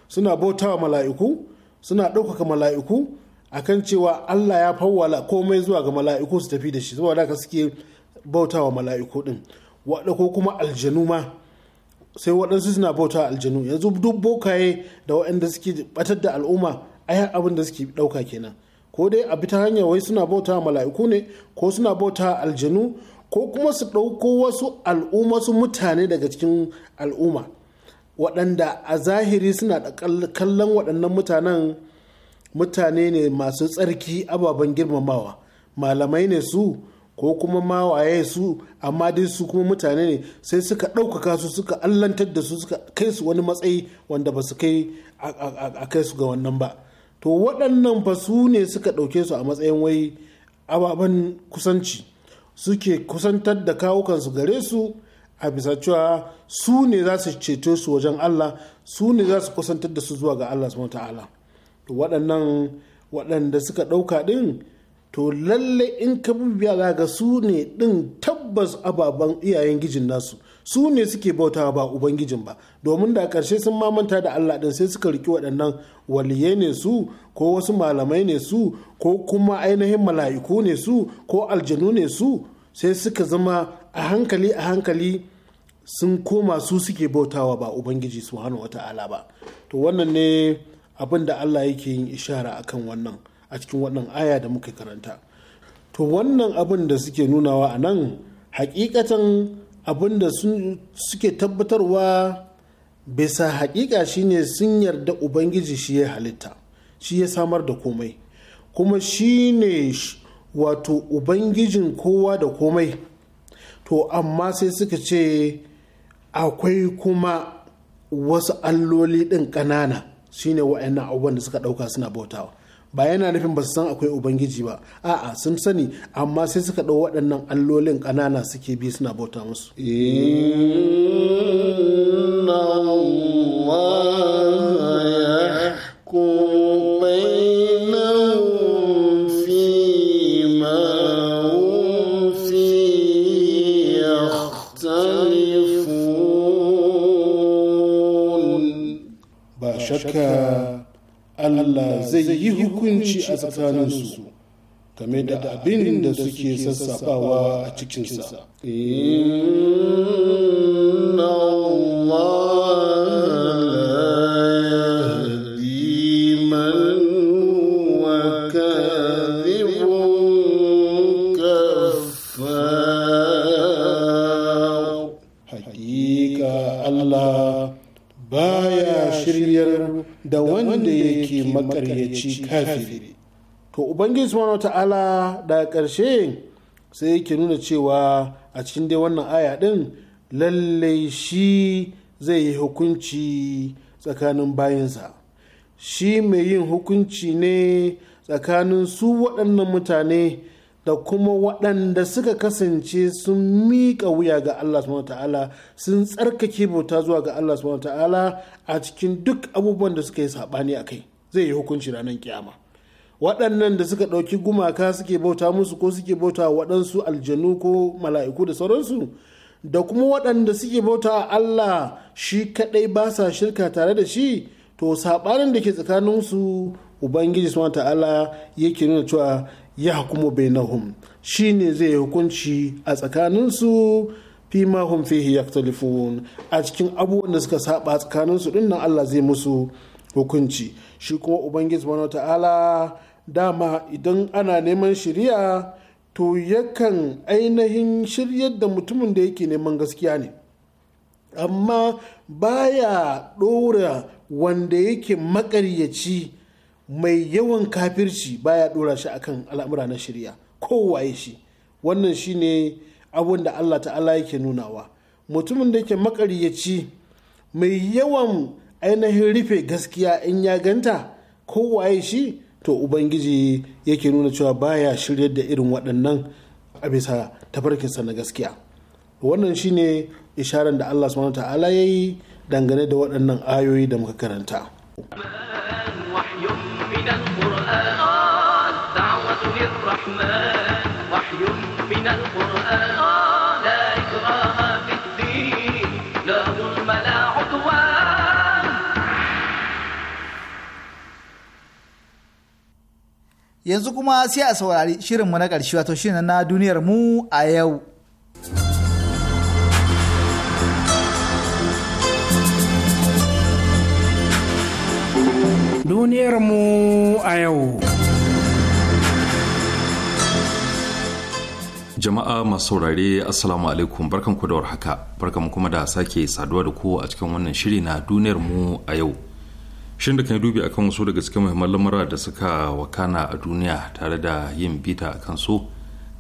suna bautawa mala'iku suna ɗaukaka mala'iku a kan cewa Allah ya fawwala komai zuwa ga mala'iku su tafi da shi zuwa da suke bautawa mala'iku ɗin waɗa ko kuma aljanu ma sai waɗansu suna bautawa aljanu yanzu duk bokaye da waɗanda suke ɓatar da al'umma ai abin da suke ɗauka kenan ko dai a bita ta hanyar wai suna bauta mala'iku ne ko suna bauta aljanu ko kuma su ɗauko wasu al'umma su mutane daga cikin al'umma waɗanda a zahiri suna kallon waɗannan mutanen mutane ne masu tsarki ababen girmamawa malamai ne su ko kuma mawaye su amma dai su kuma mutane ne sai suka ɗaukaka su suka allantar da su suka kai su wani matsayi wanda ba su kai a kai su ga wannan ba to waɗannan fa su ne suka ɗauke su a matsayin wai ababen kusanci suke kusantar da kawukansu gare su a bisa cewa su ne za su ceto su wajen Allah su ne za su kusantar da su zuwa ga Allah subhanahu ta'ala to waɗannan waɗanda suka ɗauka ɗin to lalle in ka bibiya ga su ne ɗin tabbas ababen iyayen gijin nasu su ne suke bautawa ba ubangijin ba domin da ƙarshe sun mamanta da Allah din sai suka riki waɗannan waliyai ne su ko wasu malamai ne su ko kuma ainihin mala'iku ne su ko aljanu ne su sai suka zama a hankali a hankali sun koma su suke bautawa ba ubangiji wata wata'ala ba to wannan ne abin da Allah yake yin ishara a kan wannan a cikin wannan aya da muka karanta to wannan abin da suke nunawa a nan hakikatan abinda suke tabbatarwa bisa haƙiƙa shine sun yarda ubangiji shi ya halitta shi ya samar da komai kuma shi ne wato ubangijin kowa da komai to amma sai suka ce akwai kuma wasu alloli ɗin ƙanana shine wa'annan abubuwan da suka ɗauka suna bautawa ba yana nufin ba su san akwai ubangiji ba a'a sun sani amma sai suka ɗau waɗannan allolin ƙanana suke bi suna bauta musu inna Allah Allah zai yi hukunci a tsakaninsu game da abin da suke sassafawa a cikinsa. Inna to ubangiji subhanahu ta'ala daga ƙarshe sai yake nuna cewa a cikin dai wannan aya din lallai shi zai yi hukunci tsakanin bayansa shi mai yin hukunci ne tsakanin su waɗannan mutane da kuma waɗanda suka kasance sun miƙa wuya ga Allah subhanahu ta'ala sun tsarkake bauta zuwa ga Allah subhanahu ta'ala a cikin duk abubuwan da suka yi saɓani a kai zai yi hukunci ranar kiyama waɗannan da suka ɗauki gumaka suke bauta musu ko suke bauta waɗansu aljanu ko mala'iku da sauransu da kuma waɗanda suke bauta a Allah shi kaɗai ba sa shirka tare da shi to saɓanin da ke tsakaninsu ubangiji suna ta'ala yake nuna cewa ya kuma bainahum shi ne zai hukunci a tsakaninsu fi mahum fihi yaktalifun a cikin abubuwan da suka saba tsakaninsu ɗin nan Allah zai musu hukunci shi kuma ubangiji subhanahu ta'ala dama idan ana neman shiriya to yakan ainihin shiryar da mutumin da yake neman gaskiya ne amma baya ɗora wanda yake makaryaci mai yawan kafirci baya ɗora shi akan al'amura na shirya kowaye shi wannan shine abun da allah ta'ala yake nunawa mutumin da yake makaryaci mai yawan ainihin rufe gaskiya in ya ganta ko waye shi to ubangiji yake nuna cewa baya shiryar da irin waɗannan a bisa tafarkinsa na gaskiya wannan shine isharar da allah subhanahu ta'ala ya yi dangane da waɗannan ayoyi da muka karanta. yanzu kuma sai a saurari shirinmu na ƙarshe wato shirin na duniyar mu a yau. Duniyar mu a yau. Jama'a masu saurare Assalamu alaikum barkan ku da warhaka barkan kuma da sake saduwa da ku a cikin wannan shiri na duniyar mu a yau. shin da kan dubi akan wasu daga cikin muhimman lamura da suka wakana a duniya tare da yin bita a su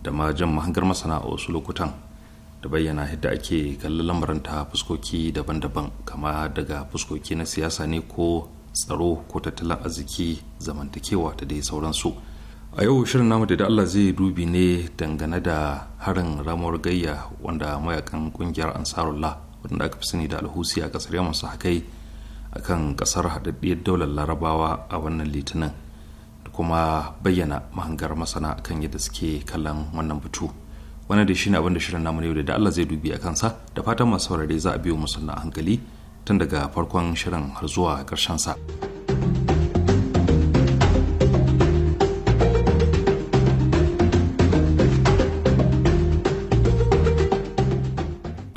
da ma jan mahangar masana a wasu lokutan da bayyana yadda ake kallon lamarin ta fuskoki daban-daban kama daga fuskoki na siyasa ne ko tsaro ko tattalin arziki zamantakewa da dai sauransu a yau shirin namu da Allah zai dubi ne dangane da harin ramuwar gayya wanda mayakan kungiyar ansarullah wanda aka fi sani da alhusi a kasar yamma su hakai akan kasar haɗaɗɗiyar daular larabawa a wannan litinin da kuma bayyana mahangar masana kan yadda suke kallon wannan batu wannan da shine abin da shirin namu yau da Allah zai dubi a kansa da fatan masu saurare za a biyo musu na hankali tun daga farkon shirin har zuwa karshen sa.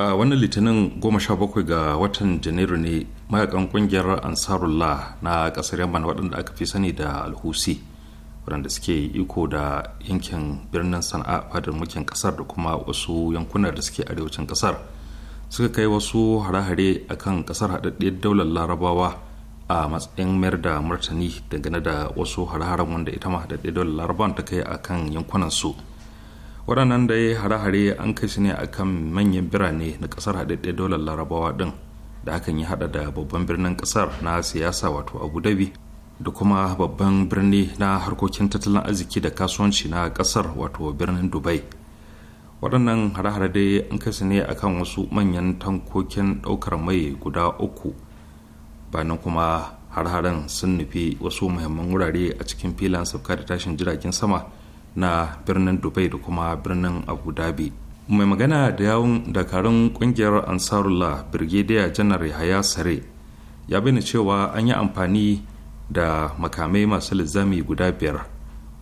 a wannan litinin 17 ga watan janairu ne mayakan kungiyar ansarullah na kasar yaman waɗanda aka fi sani da alhusi waɗanda suke iko da yankin birnin sana'a fadar ƙasar kasar da kuma wasu yankuna da suke arewacin kasar suka kai wasu hare-hare a kan kasar haɗaɗɗiyar daular larabawa a matsayin mayar da martani dangane da wasu hare-haren wanda ita ma haɗaɗɗiyar daular larabawan ta kai a kan yankunansu su waɗannan da ya hare-hare an kai su ne akan manyan birane na ƙasar haɗaɗɗe dolar larabawa ɗin da hakan ya haɗa da babban birnin ƙasar na siyasa wato abu dhabi da kuma babban birni na harkokin tattalin arziki da kasuwanci na ƙasar wato birnin dubai waɗannan hare-hare dai an kai su ne akan wasu manyan tankokin ɗaukar mai guda uku bayan kuma har-haren sun nufi wasu muhimman wurare a cikin filan sauka da tashin jiragen sama na birnin dubai da kuma birnin abu dhabi mai magana da yawon dakarun kungiyar ansarullah birgidiya janar yahaya sare ya bayyana cewa an yi amfani da makamai masu lizami guda biyar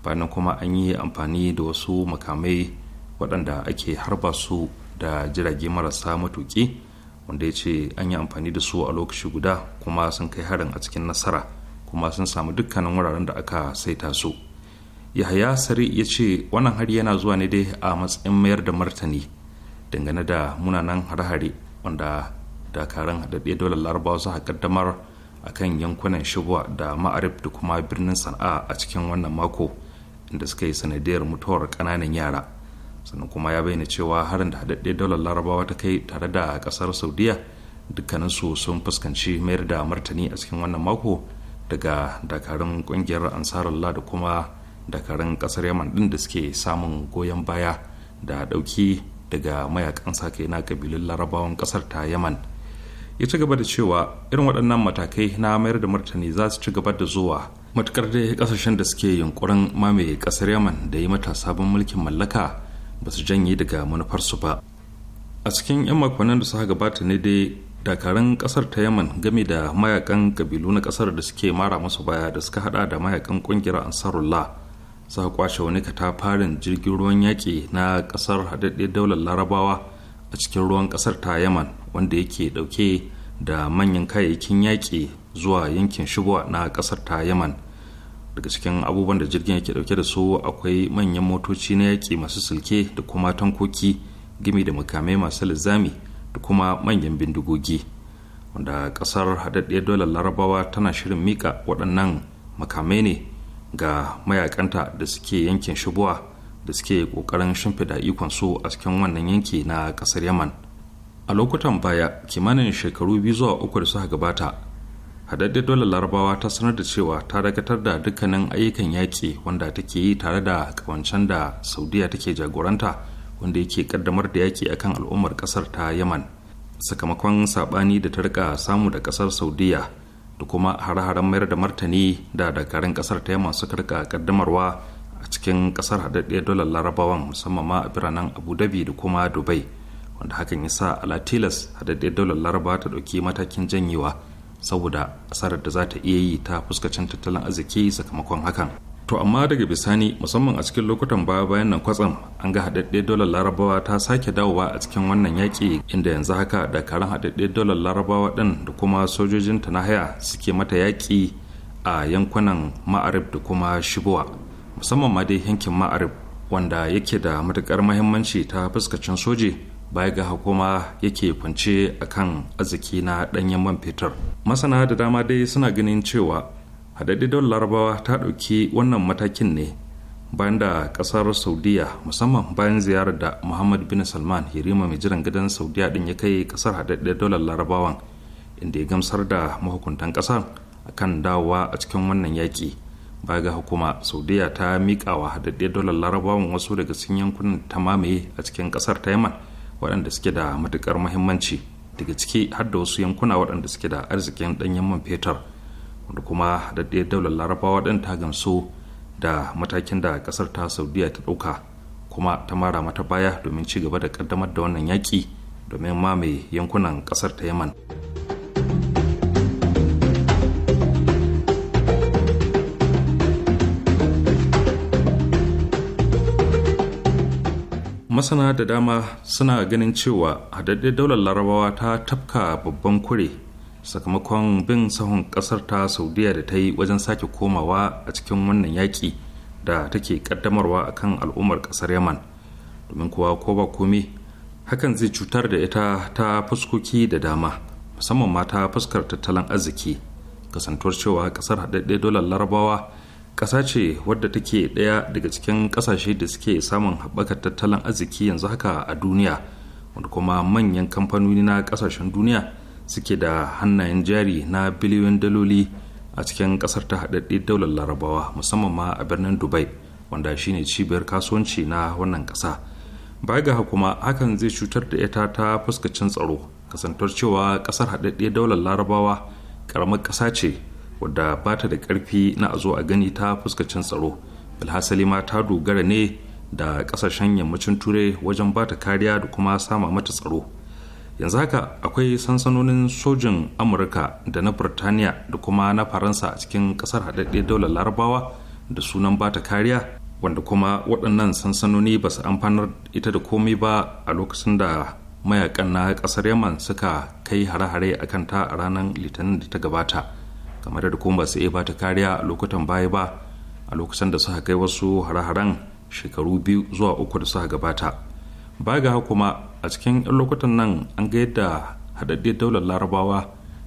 bayan kuma an yi amfani da wasu makamai waɗanda ake harba su da jirage marasa matuƙi wanda ya ce an yi amfani da su a lokaci guda kuma sun kai harin a cikin nasara kuma sun samu dukkanin wuraren da aka saita su yahaya sari ya ce wannan hari yana zuwa ne dai a matsayin mayar da martani dangane da munanan hare-hare wanda dakarun haɗaɗɗe dole larabawa su kaddamar a kan yankunan shibuwa da ma'arif da kuma birnin sana'a a cikin wannan mako inda suka yi sanadiyar mutuwar ƙananan yara sannan kuma ya bayyana cewa harin da haɗaɗɗe daular larabawa ta kai tare da ƙasar saudiya dukkaninsu sun fuskanci mayar da martani a cikin wannan mako daga dakarun ƙungiyar ansarallah da kuma dakarun kasar yaman din da suke samun goyon baya da dauki daga mayakan sa na kabilun larabawan kasar ta yaman ya ci gaba da cewa irin waɗannan matakai na mayar da martani za su ci gaba da zuwa matukar dai kasashen da suke yunkurin mamaye kasar yaman da yi mata sabon mulkin mallaka ba su janye daga manufarsu ba a cikin 'yan makonnin da suka gabata ne dai dakarun kasar ta yaman game da mayakan kabilu na kasar da suke mara masu baya da suka hada da mayakan kungiyar ansarullah sa kwace wani katafarin jirgin ruwan yaƙi na ƙasar haɗaɗɗe daular larabawa a cikin ruwan ƙasar ta yaman wanda yake ɗauke da manyan kayayyakin yaƙi zuwa yankin shigowa na ƙasar ta yaman daga cikin abubuwan da jirgin yake ɗauke da su akwai manyan motoci na yaƙi masu silke da kuma tankoki gimi da makamai masu lizami da kuma manyan bindigogi wanda ƙasar haɗaɗɗe daular larabawa tana shirin mika waɗannan makamai ne ga mayakanta da suke yankin shibuwa da suke ƙoƙarin ikon su a cikin wannan yanki na ƙasar yaman a lokutan baya kimanin shekaru biyu zuwa uku da suka gabata hadaddiyar dole larabawa ta sanar da cewa ta dakatar da dukkanin ayyukan yaƙi wanda take yi tare da kawancen da saudiya take jagoranta wanda yake ƙaddamar da yaƙi akan al'ummar ƙasar ta yaman sakamakon saɓani da ta rika samu da ƙasar saudiya da kuma hare-haren mayar da martani da dakarun kasar ta yi masu karka kaddamarwa a cikin kasar haɗaɗɗiyar dolar larabawan musamman ma a biranen abu dhabi da kuma dubai wanda hakan ya sa alatilas haɗaɗɗiyar dolar larabawa ta ɗauki matakin janyewa saboda asarar da za ta iya yi ta fuskacin tattalin arziki sakamakon hakan to amma daga bisani musamman a cikin lokutan baya bayan nan kwatsam an ga haɗaɗɗe dolar larabawa ta sake dawowa a cikin wannan yaƙi inda yanzu haka dakarun haɗaɗɗe dolar larabawa ɗin da kuma sojojin ta na haya suke mata yaƙi a yankunan ma'arib da kuma shibuwa musamman ma dai yankin ma'arib wanda yake da matuƙar mahimmanci ta fuskacin soji baya ga hukuma yake kwance akan arziki na ɗanyen man fetur masana da dama dai suna ganin cewa hadaddiyar larabawa ta ɗauki wannan matakin ne bayan da ƙasar saudiya musamman bayan ziyarar da muhammad bin salman hirima mai jiran gidan saudiya din ya kai ƙasar hadaddiyar dolar larabawan inda ya gamsar da mahukuntan ƙasar kan dawowa a cikin wannan yaƙi baya ga hukuma saudiya ta miƙa wa dolar larabawan wasu daga cikin yankunan ta mamaye a cikin ƙasar ta yaman waɗanda suke da matuƙar muhimmanci daga ciki har da wasu yankuna waɗanda suke da arzikin ɗanyen man fetur da kuma daɗe daular larabawa ɗin ta gamsu da matakin da ƙasar ta saudiya ta ɗauka kuma ta mara mata baya domin ci gaba da ƙaddamar da wannan yaƙi domin mamaye yankunan ƙasar ta yaman masana da dama suna ganin cewa haɗaɗɗen daular larabawa ta tafka babban kure sakamakon bin sahun kasar ta saudiya da ta yi wajen sake komawa a cikin wannan yaƙi da take kaddamarwa a kan al'ummar kasar yaman domin kuwa ko ba komi hakan zai cutar da ita ta fuskoki da dama musamman ma ta fuskar tattalin arziki kasantuwar cewa kasar haɗaɗɗe dolar larabawa ƙasa ce wadda take ɗaya daga cikin ƙasashe da suke samun haɓakar tattalin arziki yanzu haka a duniya wanda kuma manyan kamfanoni na ƙasashen duniya suke da hannayen jari na biliyoyin daloli a cikin kasar ta haɗaɗɗe daular larabawa musamman ma a birnin dubai wanda shine cibiyar kasuwanci na wannan ƙasa baya ga kuma hakan zai cutar da ita ta fuskacin tsaro kasantar cewa ƙasar haɗaɗɗe daular larabawa ƙaramar ƙasa ce wadda ba ta da ƙarfi na a zo a gani ta fuskacin tsaro bilhassali ma ta dogara ne da ƙasashen yammacin turai wajen ba ta kariya da kuma sama mata tsaro yanzu haka akwai sansanonin sojin amurka da na burtaniya da kuma na faransa a cikin kasar haɗaɗɗe daular larabawa da sunan bata kariya wanda kuma waɗannan sansanoni ba su amfanar ita da komai ba a lokacin da mayakan na ƙasar yaman suka kai hare-hare a ta a ranar litinin da ta gabata kamar da kuma ba su iya bata kariya a lokutan baya ba a lokacin da suka kai wasu hare-haren shekaru biyu zuwa uku da suka gabata baga kuma a cikin 'yan lokutan nan an ga yadda haɗaɗɗiyar daular larabawa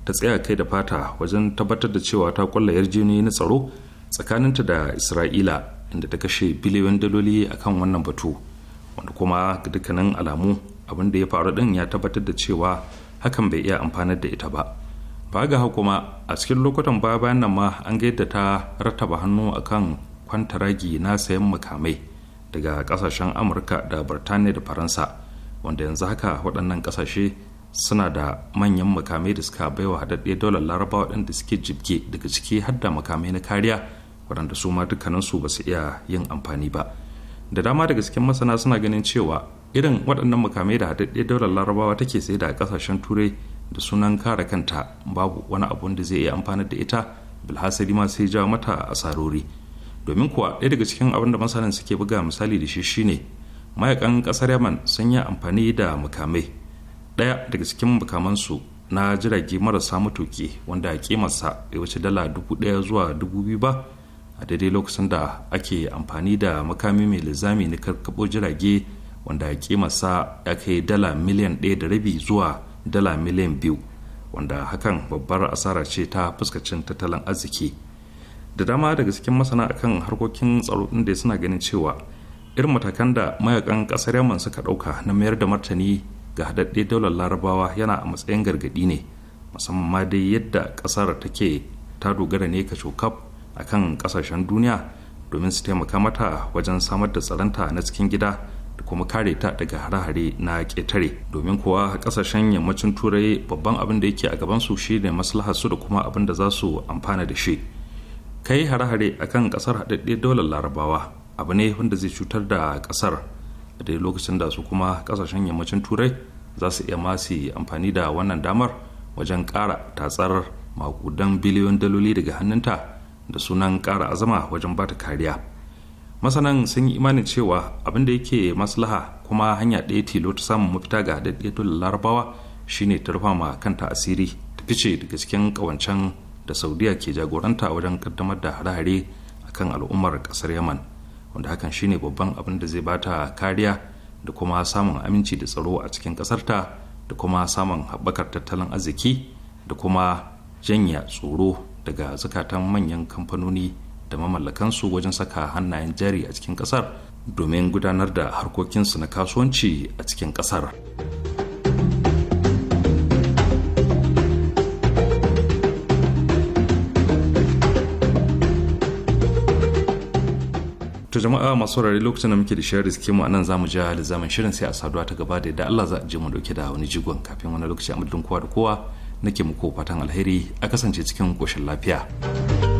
ta tsaya kai da fata wajen tabbatar da cewa ta kwalla yarjejeniyoyi na tsaro tsakaninta da isra'ila inda ta kashe biliyoyin daloli akan wannan batu wanda kuma ga dukkanin alamu abin da ya faru din ya tabbatar da cewa hakan bai iya amfanar da ita ba ba ga kuma a cikin lokutan baya bayan nan ma an ga yadda ta rattaba hannu akan kwantaragi na sayan makamai daga kasashen amurka da birtaniya da faransa wanda yanzu haka waɗannan ƙasashe suna da manyan makamai da suka baiwa haɗaɗɗe dolar laraba waɗanda suke jibge daga ciki har da makamai na kariya waɗanda su ma dukkaninsu ba su iya yin amfani ba da dama daga cikin masana suna ganin cewa irin waɗannan makamai da haɗaɗɗe daular larabawa take sai da ƙasashen turai da sunan kare kanta babu wani abun da zai iya amfanar da ita bilhassari ma sai ja mata asarori domin kuwa ɗaya daga cikin abin da masanan suke buga misali da shi shine mayakan kasar yaman sun yi amfani da mukamai ɗaya daga cikin mukamansu na jirage marasa matuki wanda a kimarsa ya wuce dala dubu ɗaya zuwa dubu biyu ba a daidai lokacin da ake amfani da makami mai lizami na karkabo jirage wanda a kimarsa ya kai dala miliyan ɗaya da rabi zuwa dala miliyan biyu wanda hakan babbar asara ce ta fuskacin tattalin arziki da dama daga cikin masana akan harkokin tsaro inda suna ganin cewa irin matakan da mayakan kasar yaman suka dauka na mayar da martani ga haɗaɗɗe daular larabawa yana a matsayin gargaɗi ne musamman ma dai yadda ƙasar take ta dogara ne ka cokaf a kan ƙasashen duniya domin su taimaka mata wajen samar da tsaronta na cikin gida da kuma kare ta daga hare-hare na ƙetare domin kuwa kasashen yammacin turai babban abin da yake a gabansu shi ne maslahar su da kuma abin da za su amfana da shi kai hare-hare akan ƙasar haɗaɗɗe daular larabawa abu ne wanda zai cutar da kasar a dai lokacin da su kuma kasashen yammacin turai za su iya masu amfani da wannan damar wajen kara tatsar makudan biliyon daloli daga hannunta da sunan ƙara azama wajen ba ta kariya masanan sun yi imanin cewa abin da yake maslaha kuma hanya ɗaya tilo ta samun mafita ga daidaiton larabawa shine ta rufa ma kanta asiri ta fice daga cikin ƙawancen da saudiya ke jagoranta wajen ƙaddamar da hare-hare akan al'ummar ƙasar yaman wanda hakan shine babban abin da zai bata kariya da kuma samun aminci da tsaro a cikin ƙasarta da kuma samun haɓakar tattalin arziki da kuma janya tsoro daga zukatan manyan kamfanoni da mamallakansu wajen saka hannayen jari a cikin ƙasar domin gudanar da harkokinsu na kasuwanci a cikin ƙasar. to jama'a masu saurare lokacin da muke da shirin riske mu anan zamu ja zaman shirin sai a saduwa ta gaba da yadda Allah za a je mu dauke da wani jigon kafin wani lokaci a madadin kowa da kowa nake muku fatan alheri a kasance cikin koshin lafiya.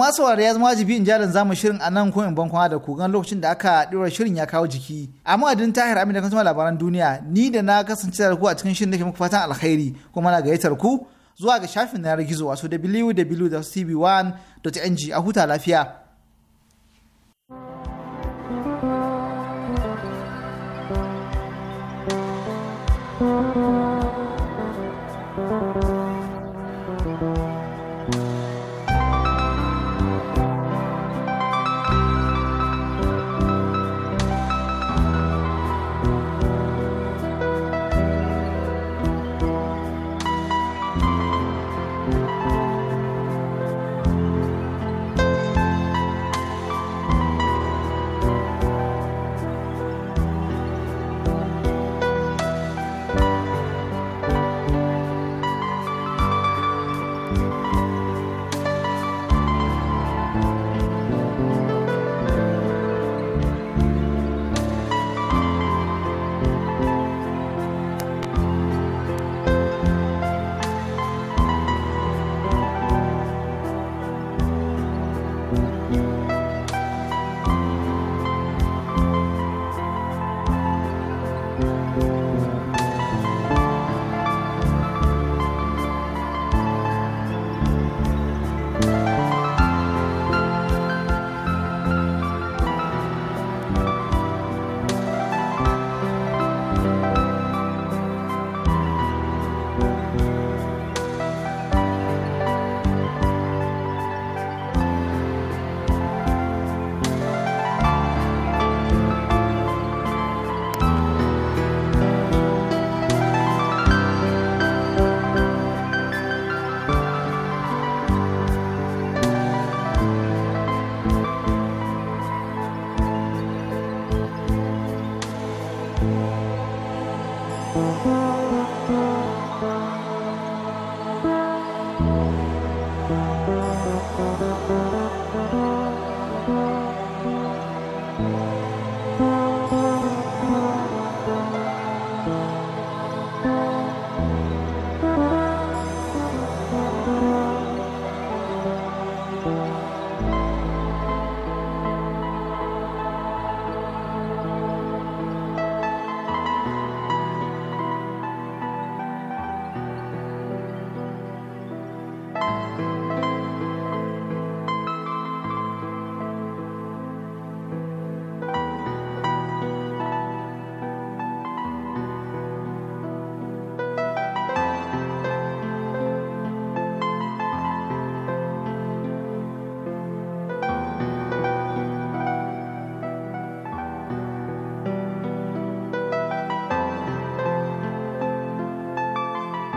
ma saurari ya zama wajibi in jarin zamu shirin a nan ko in bankwana da ku gan lokacin da aka dora shirin ya kawo jiki. Amma adin tahir amin da kasuwa labaran duniya ni da na kasance da ku a cikin shirin da ke muku fatan alkhairi kuma na gayyatar ku zuwa ga shafin yanar gizo wato www.tv1.ng a huta lafiya.